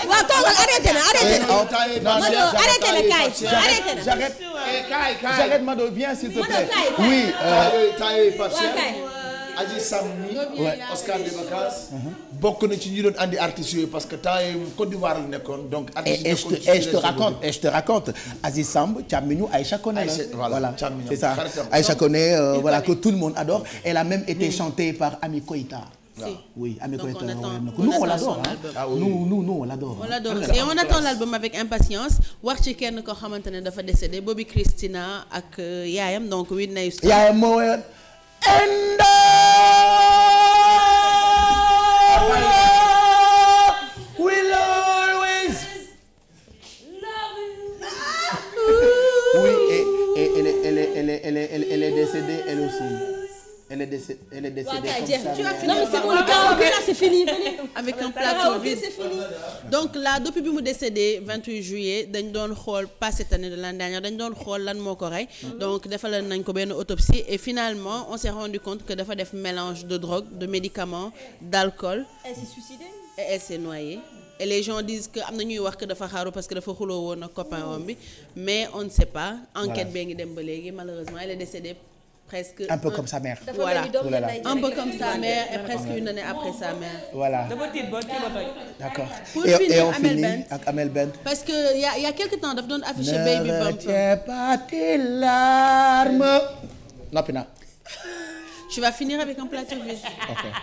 non toogal arrêté euh, uh-huh. na ci ñi doon andi artistes que temps yii Côte d'Ivoire la nekkoon donc. artistes yi nekkul je te raconte et Samb càmmiñu Aïcha Koné voilà c'est euh, tout le monde adore elle a même été chantée par Ami Koita. Si. Ah, oui, Amiko est un royaume. Nous, on l'adore. Ah, oui. Nous, nous, nous, on l'adore. On l'adore aussi. Et on attend l'album avec impatience. wax ci kenn koo xamante ne dafa décédé Bobby Christina ak euh, yaayam donc Whitney Houston. yaayam moo woyoon. Oui, et, et elle est, elle est, elle est, elle est décédée, elle est décédée depuis bi mu décédé 28 juillet dañ doon xool pas cette année de l'année dernière dañ doon xool lan moo ko rey. donc defaloon nañ ko benn autopsie et finalement on s'est rendu compte que dafa def mélange de drogue de médicaments d'alcool. elle s'est suicidée. et elle s'est noyée. et les gens disent que am na ñuy wax que dafa xaaru parce que dafa xuloo woon ak copain bi mais on ne sait pas. enquête bee ngi dem ba léegi malheureusement elle est décédée. presque un peu un, comme sa mère. voilà voilà un peu comme sa mère et presque une année après sa mère. voilà d'accord et, et on finit ak Amel Bent. parce que y a y a quelque temps daf doon afficher baby bump. ne retiens pas tes larmes. noppi na. tu vas finir avec un plateau vide. ok.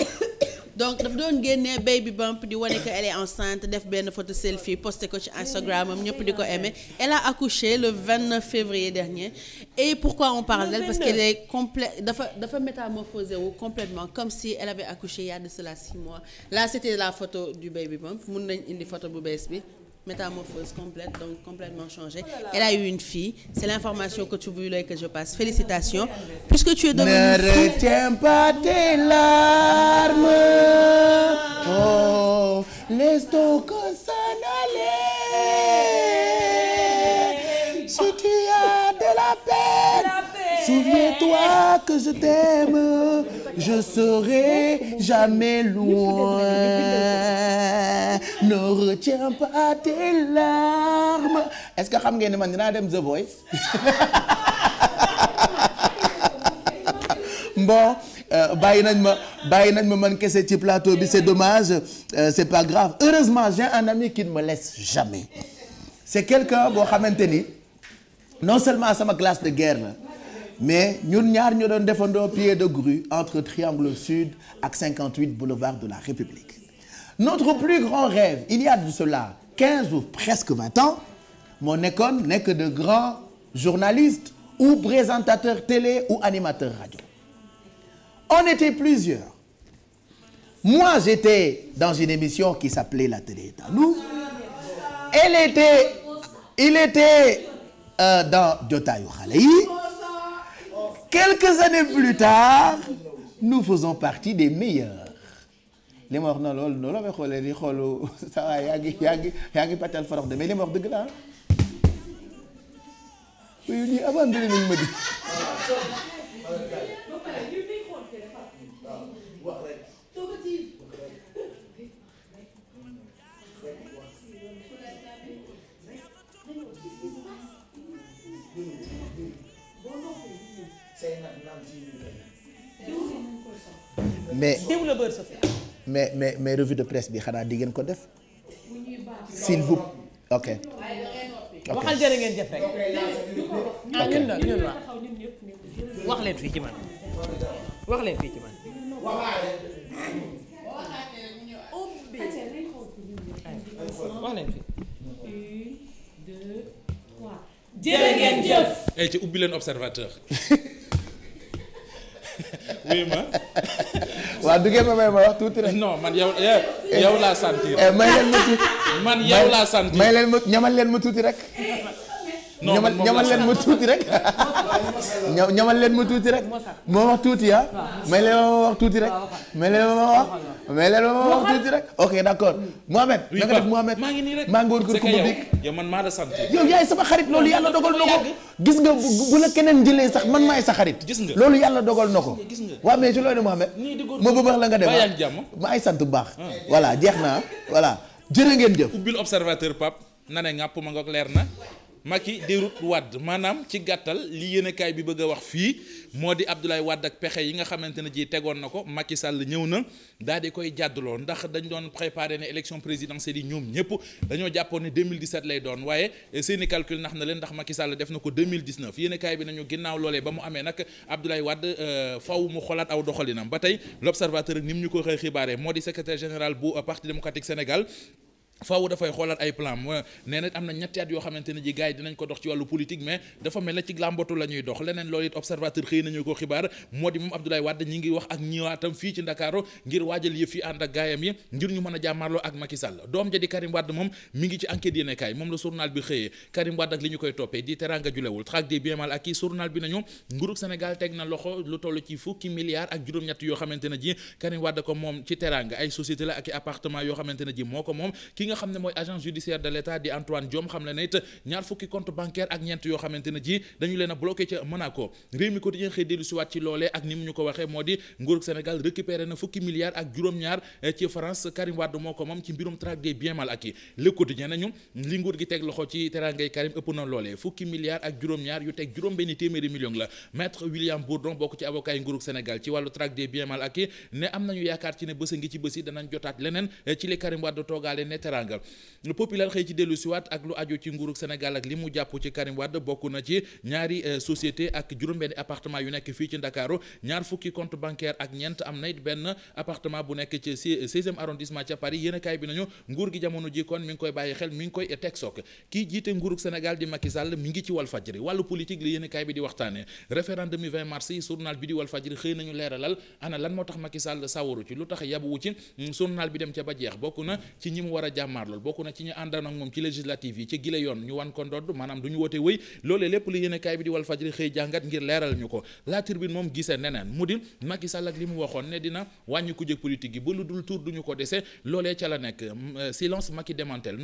donc daf doon génnee baby bump di wane que elle est enceinte def benn photo selfie posté ko ci Instagram am ñëpp di ko aimé elle a accouché le 29 février dernier et pourquoi on parle d'elle parce qu'elle est complète dafa dafa métamorphosé wu complètement comme si elle avait accouché il a de cela six mois la c'était la photo du baby bump mun nañ indi photo bu bees bi métamorphose complète, donc complètement changée. Oh Elle a eu une fille. C'est l'information que tu voulais que je passe. Félicitations. Puisque tu es devenue. Ne retiens pas tes larmes. Oh, laisse ton corps s'en aller. Si tu as de la paix. Souviens-toi que je t'aime, je serai jamais loin. Ne retiens pas tes larmes. Est-ce que xam ngeen ne man dinaa dem The Voice. bon euh, bàyyi nañ ma bàyyi nañ ma man kese ci plateau bi c'est dommage euh, c'est pas grave heureusement j'ai un ami qui ne me laisse jamais. c'est quelqu'un boo xamante ni non seulement sama classe de guerre la. mais ñun ñaar ñu doon defandoo pied de grue entre Triangle Sud ak 58 boulevard de la République notre plus grand rêve il y a de cela 15 ou presque 20 moo nekkoon nekk de grands journalistes ou présentateurs télé ou animateur radio on était plusieurs moi j'étais dans une émission qui s'appelait la télé est à nous elle était euh, dans jotaayu xale yi quelques années plus tard nous faisons partie des meilleurs li ma wax na loolu noonu la may xoolee di xoolu ça va yaa ngi yaa ngi yaa ngi pàttal farox de mais li ma wax dëgg la ah. mais mais mais mais revue de presse bi xanaa di ngeen ko def. s'il vous ok. waxal jërë ngeen jëf wax leen fii ci man wax leen fii ci man. wax leen fii. jërë ngeen jëf. ay eh, ci ubbi leen observateur. tuuti man yow eh, yow laa sentir. Eh, may leen ma tuuti. man yow laa sentir. may leen ma ñamal leen ma tuuti rek. ñamal ñamal leen ma tuuti rek ñamal leen ma tuuti rek moo wax tuuti ah mais leen ma wax tuuti rek mais leen ma wax mais leen ma wax tuuti rek ok d'accord mm. Mohamed na nga def Mohamed maa ngi nii rek maa ngi woon kër man maa la sant yow yaay xarit loolu yàlla dogal na ko gis nga bu la keneen jëlee sax man maay sa xarit gis nga loolu yàlla dogal na ko waaw mais ci loolu Mohamed ma bu baax la nga def ma ay sant bu baax ah. voilà jeex naa voilà jërë ngeen jëf ubbil observateur Pape na ne ngàpp ma ngoog leer na Macky déroute wadd maanaam ci gàttal li yéenekaay bi bëgg a wax fii moo di Abdoulaye Wade ak pexe yi nga xamante ne ji tegoon na ko Macky Sall ñëw na daal di koy jàdduloo ndax dañ doon préparer ne élection présidentielle yi ñoom ñëpp dañoo jàppoon ne 2017 lay doon waaye seeni calcul nax na leen ndax Macky Sall def na ko 2019 yéenekaay bi nañu ginnaaw loolee ba mu amee nag Abdoulaye Wade euh, faw mu xolaat aw doxalinam ba tey l'observateur ak ni mu ñu ko xëy xibaaree moo di secrétaire général bu euh, parti démocratique faaw dafay xoolaat ay plan mo nee am na ñetti at yoo xamante ne ji gars dinañ ko dox ci wàllu politique mais dafa mel ne ci làmbatu la ñuy dox leneen loolu it observateur xëy nañu ko xibaar moo di moom Abdoulaye Wade ñi ngi wax ak ñëwaatam fii ci Ndakaaru ngir waajal yëf yi ànd ak gaayam yi ngir ñu mën a jàmmaarloo ak Macky Sall doom ja di Karim Wade moom mi ngi ci enquête yéene kaay moom la journal bi xëyee Karim Wade ak li ñu koy toppee di teranga teg na loxo lu toll ci fukki milliards ak ñett yoo xamante ne ji Karim Wade ko moom yoo xamante ne ji moo ko nga xam ne mooy agent judiciaire de l'État di Antoine Diome xam ne ne ñaar fukki compte bancaire ak ñeent yoo xamante ne ji dañu leen a ca Monaco réew milliards ak juróom-ñaar eh, ci France Karim Wade moo ko moom ci mbirum traque des biens mal acquis le quotidien nañu li nguur gi teg loxo ci terangay Karim ëpp na loolee fukki milliards ak juróom-ñaar yu teg juróom benn téeméeri million la maître William Bourdon bokk ci avocat yi Sénégal ci wàllu teraanga le populaire xëy ci dellu siwaat ak lu aju ci nguurug Sénégal ak li mu jàpp ci Karim Wade bokk na ci ñaari euh, société ak juróom-benn appartement yu nekk fii ci Ndakaaru ñaar fukki compte bancaire ak ñeent am na benn appartement bu nekk ci seizième arrondissement ca Paris yéen a kaay bi nañu nguur gi jamono ji mi ngi koy bàyyi xel mi ngi koy teg soog kii jiite nguurug Sénégal di Macky Sall mi ngi ci Walf Fadjri wàllu politique li yéen a kaay bi di waxtaane référendum yi 20 mars yi jàmmaar lool bokk na ci ñu àndaan ak moom ci législative yi ci gile yoon ñu wan ko ndodd maanaam du ñu wëy loolee lépp li yéene kaay bi di wal fajri xëy jàngat ngir leeral ñu ko la tribune moom gisee neneen mu di Macky ak li mu waxoon ne dina wàññi ku jëg yi ba lu dul tuur duñu ko dese loolee ca la nekk euh, silence Macky démantel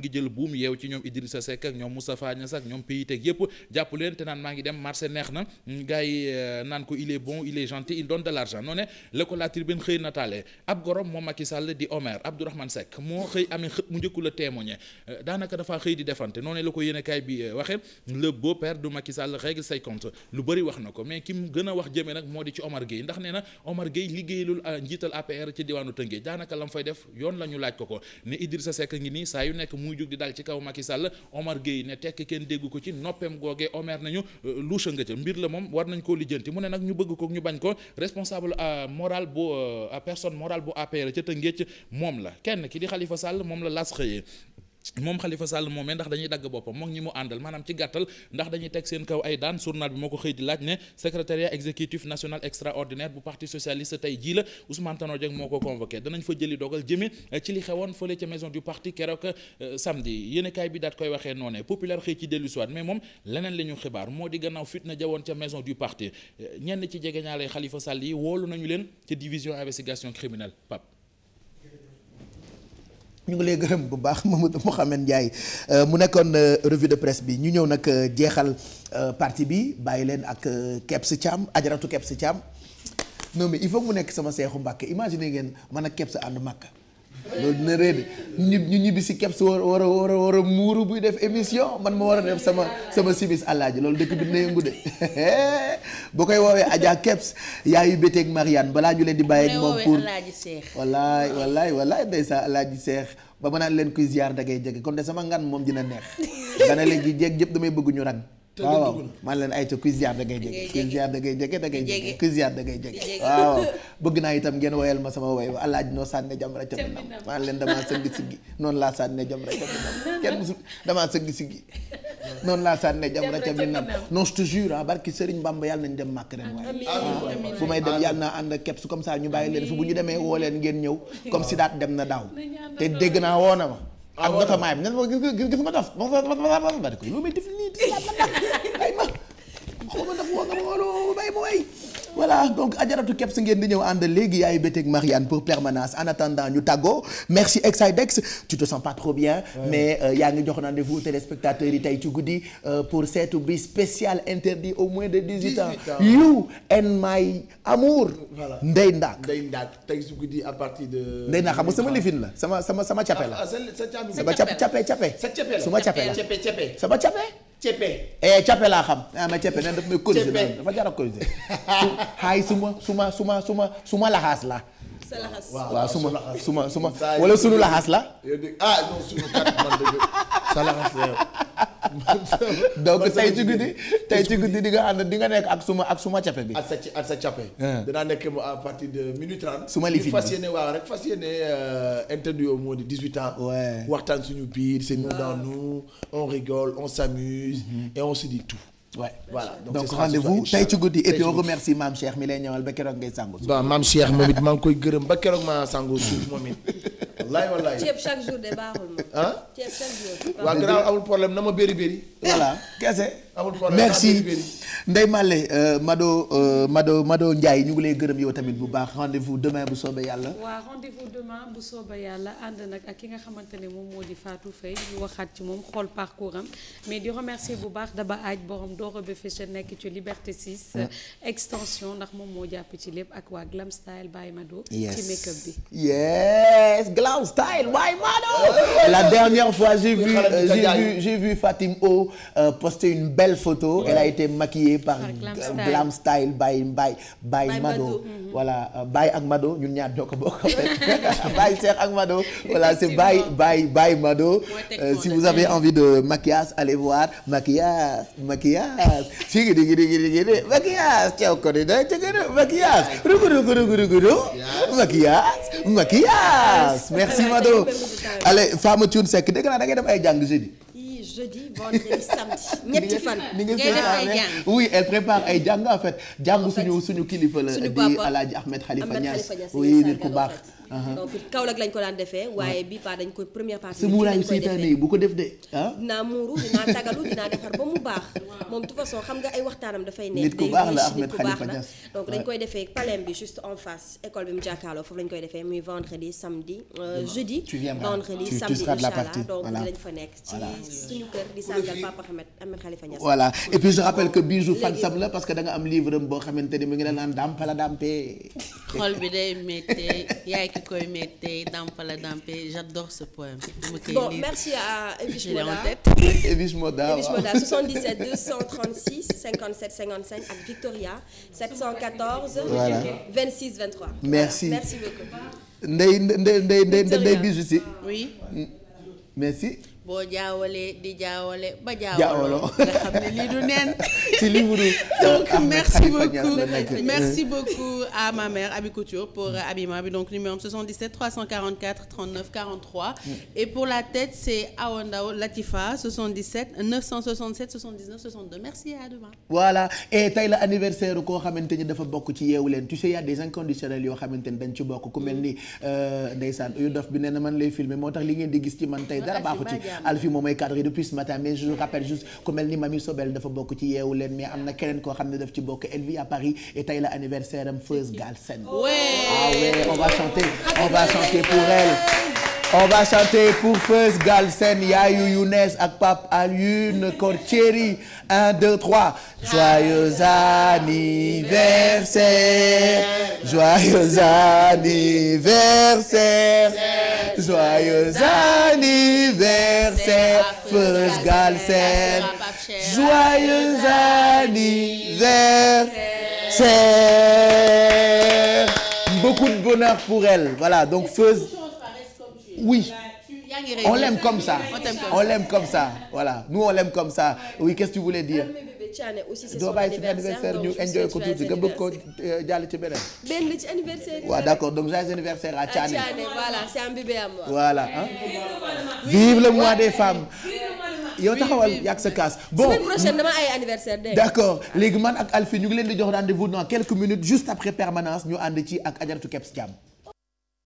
ngi jël buum yeew ci ñoom Idrissa Seck ak ñoom Moustapha Niasse ak ñoom Payteg yépp jàpp te naan maa ngi dem marché le ko la tribune xëy nataale ab gorom moom Macky Sall di Omer Abdourahmane Seck moo xëy amee mu njëkku la euh, daanaka dafaa xëy di defante noonu la ko yéene kaay bi euh, waxee le beau père du Macky Sall règle ses comptes lu bëri wax na ko mais ki mu gën a wax jëmee nag moo di ci Omar Gueye ndax nee na Omar Gueye liggéeyalul euh, njiital APR ci diwaanu Tëngéej daanaka lam fay def yoon la ñu laaj ko ko ne Idrissa Seck ngi nii saa yu nekk muy jóg di dal ci kaw Macky Sall Omar Gueye ne tekk kenn dégg ko ci noppeem googee Omer nañu luusa nga ca mbir la moom war nañ koo lijjanti mu ne nag ñu bëgg ko ñu bañ ko responsable morale bu euh, personne morale bu APR ca Tëngéej moom la kenn ki di Khalifa Sall moom la las xëyee moom xalifa Sall moomee ndax dañuy dagg boppam moom ñi mu àndal maanaam ci gàttal ndax dañuy teg seen kaw ay daan journal bi moo ko xëy di laaj ne secrétariat exécutif national extraordinaire bu parti socialiste tey jii la Ousmane Tanor Dieng moo ko convoqué danañ fa jëli dogal jëmee euh, ci li xewoon fële ca maison du parti keroog euh, samedi yéenekaay bi daat koy waxee noonee populaire xëy ci dellu mais moom leneen la ñu xibaar moo di gannaaw fitna jawoon ca maison du parti euh, ñenn ci jegeñaale Khalifa Sall yi woolu nañu leen ca division investigation criminelle pap ñu ngi lee gërëm bu baax Mamadou Mouhamed Ndiaye euh, mu nekkoon euh, revue de presse bi ñu ñëw nag euh, jeexal parti bi bàyyi leen ak Kebs Thiam ajaratu Kebs Thiam non mais il faut mu nekk sama seexu Mbàkke imagine ngeen man ak Kebs ànd Makka. loolu dina réer ñu ñu ñibbi si keps war war a war a war a muuru buy def émission man ma war a def sama sama simis àllaaji loolu dëkk bi dina yëngu de bu koy woowee Adja keps yaayu béteeg Marianne balaa ñu leen di bàyyi ak moom pour wallaay wallaay wallaay ndeysaan àllaaji seex ba ma naan leen kuy ziar da ngay jege kon de sama ngan moom dina neex dana léegi jeeg yëpp damay bëgg ñu rang waaw waaw man leen ay ca kuy ziar da ngay jege kuy ziar da ngay jege da jege kuy ziar da jege waaw bëgg naa itam ngeen woyal ma sama woy wa alaaji noo sànne jam ra cami nam man leen damaa sëgg siggi noonu laa sànne jam ra cami nam kenn musul damaa noonu laa sànne jam ra cami nam non je te jure ah barki Serigne Bamba yàlla nañ dem màkk ren waaye ah, fu may dem yàlla naa ànd ak keps comme ça ñu bàyyi leen fi bu ñu demee woo leen ngeen ñëw comme si daat dem na daaw te dégg naa woo na ma ak oto maay bi ne ma gis nga dof ma ma bay ma ma voilà donc ajaratu keps ngeen di ñëw ànd léegi yaayu béteeg Marianne pour permanence en attendant ñu tàggoo merci Exidex tu te sens pas trop bien mais euh, yaa ngi jox rendez-vous téléspectateurs yi tey ci guddi euh, pour seetu bi spécial interdit au moins de 18 ans you and my amour Ndey Ndak Ndey Ndak tey ci guddi à partir de Ndey Ndak xam sama lifin la sama sama sama cape la ah, ah, sama cape cape cape sama cape la sama cape cepe. Eh, cepe laa xam ah mais cepe nee na daf may corriger dafa jar a corriger. xaay suma suma suma suma suma laxaas la waaw suma suma suma wala sunu laxas la. ah non sunu kat man sa laxas la yow. donc tey ci guddi tey ci guddi di nga ànd di nga nekk ak suma ak suma cappe bi. ak sa ak sa cappe. Ah. danaa nekk à partir de minute suma lifi bi fas yéene waaw rek fas yéene euh, interview moo di dix huit ans. waxtaan suñu biir c'est nous dans nous on rigole on s'amuse mm-hmm. et on se dit tout. Ouais. voilà donc, donc rendez-vous tey ci guddi et puis on remercie maam Cheikh mi lay ñëwal ba keroog ngay sangu suuf. waaw maam Cheikh moom it maa koy gërëm ba keroog maa sangu suuf moom it. wallaay wallaay ceeb chaque jour de baaxul moom. ah ceeb chaque jour. amul problème na ma bëri bëri. voilà kese. merci Ndeye Malle euh, madoo euh, Mado Mado Ndiaye ñu ngi lay gërëm yow tamit bu baax rendez-vous demain bu soobee yàlla. waaw rendez-vous demain bu soobee yàlla ànd nag ak ki nga xamante ne moom moo di Fatou Faye ñu waxaat ci moom xool parcours am mais di remercier bu baax daba aaj borom Doro be fashion nekk ci Liberté 6. extension ndax moom moo jàpp ci lépp ak waa Glam Style Baye Mado. ci make bi. la dernière fois j'ai euh, vu j'ai vu j'ai vu O poster une. belle photo. Ouais. Elle a été maquillée par. Glam Style by by by, Mado. wala mm mm-hmm. euh, ak Mado ñun ñaar ak Mado. voilà c'est Baye Baye Mado. Euh, si vous avez envie de maquillage allez voir maquillage maquillage. sigi digi digi digi de maquillage caw ko de day tege de maquillage. rugu rugu rugu rugu rugu. maquillage maquillage. merci Mado. allez Fama Thioune Seck dégg naa da ngay dem ay jàng jeudi vendredi samedi. ñetti fan jàng oui jàng suñu suñu kilifa la. di Alaaji Ahmed Khalifa Niass oui nit ku baax. Uh-huh. donc Kaolack lañ ko daan defee waaye bi pa dañ ko première partie sa muuraayu seytaane yi bu ko def de ah dinaa muuru dinaa tagalu dinaa defar ba mu baax moom de façon xam nga ay waxtaanam dafay neex nit dañ koy defee palem bi juste en face école bi mu jàkkaarloo foofu lañ koy defee muy vendredi samedi euh, jeudi vendredi samedi inchallah donc lañ fa nekk ci suñu kër di sàngal Papa Ahmed Ahmed Khalifa Niass voilà et parce que da nga am livre boo xamante ni mu ngi la naan dàmpa la dàmpee xol J'adore ce poème. Bon, merci a Evish Moda. Evish Moda. Evish Moda, 77 236 57 55 Victoria Merci. Merci beaucoup. Merci. boo jaawalee di jaawale ba jaawaloo nga xam ne lii du neen ci livre donc merci beaucoup merci beaucoup à ma mère Abi pour euh, Abima bi donc numéro 77 344 39 43 et pour la tête c'est Awa Ndao Latifa 77 967 79 62 merci à demain voilà et tey la anniversaire koo xamante ni dafa bokk ci yeewu leen tu sais y a des inconditionnels yoo xamante ni dañ ci bokk ku mel ni mm. euh, ndeysaan uyu dof bi nee man lay filmer moo tax li ngeen di gis ci man tey dara baaxu ci Alfi moom mooy cadre depuis ce matin mais je vous rappelle juste ni Mami Sobel dafa bokk ci yeewu leen mais am na keneen koo xam ne daf ci bokk elle vit Paris et la anniversaire am Feuz Galsen. Ah va chanter on va chanter pour elle. on va chanter pour Feuz Galsen anniversaire joyeux anniversaire joyeux anniversaire Feuz anniversaire beaucoup de bonheur pour elle donc Feuz oui on l'aime comme ça on l'aime comme ça voilà nous on l'aime comme ça oui qu'est-ce que tu voulais dire doo bàyyi suñu anniversaire ñu enjoy ko tuuti nga bëgg ko euh, jàll ci beneen. benn ci anniversaire waaw d'accord donc joyeux anniversaire à Thiané. voilà c'est un bébé à vive le mois des femmes. yow taxawal yàgg sa kaas. bon semaine prochaine dama ay anniversaire de. d'accord léegi man ak Alphie ñu ngi leen di jox rendez dans quelques minutes juste après permanence ñu ànd ci ak Adjaratou Kebs Thiam.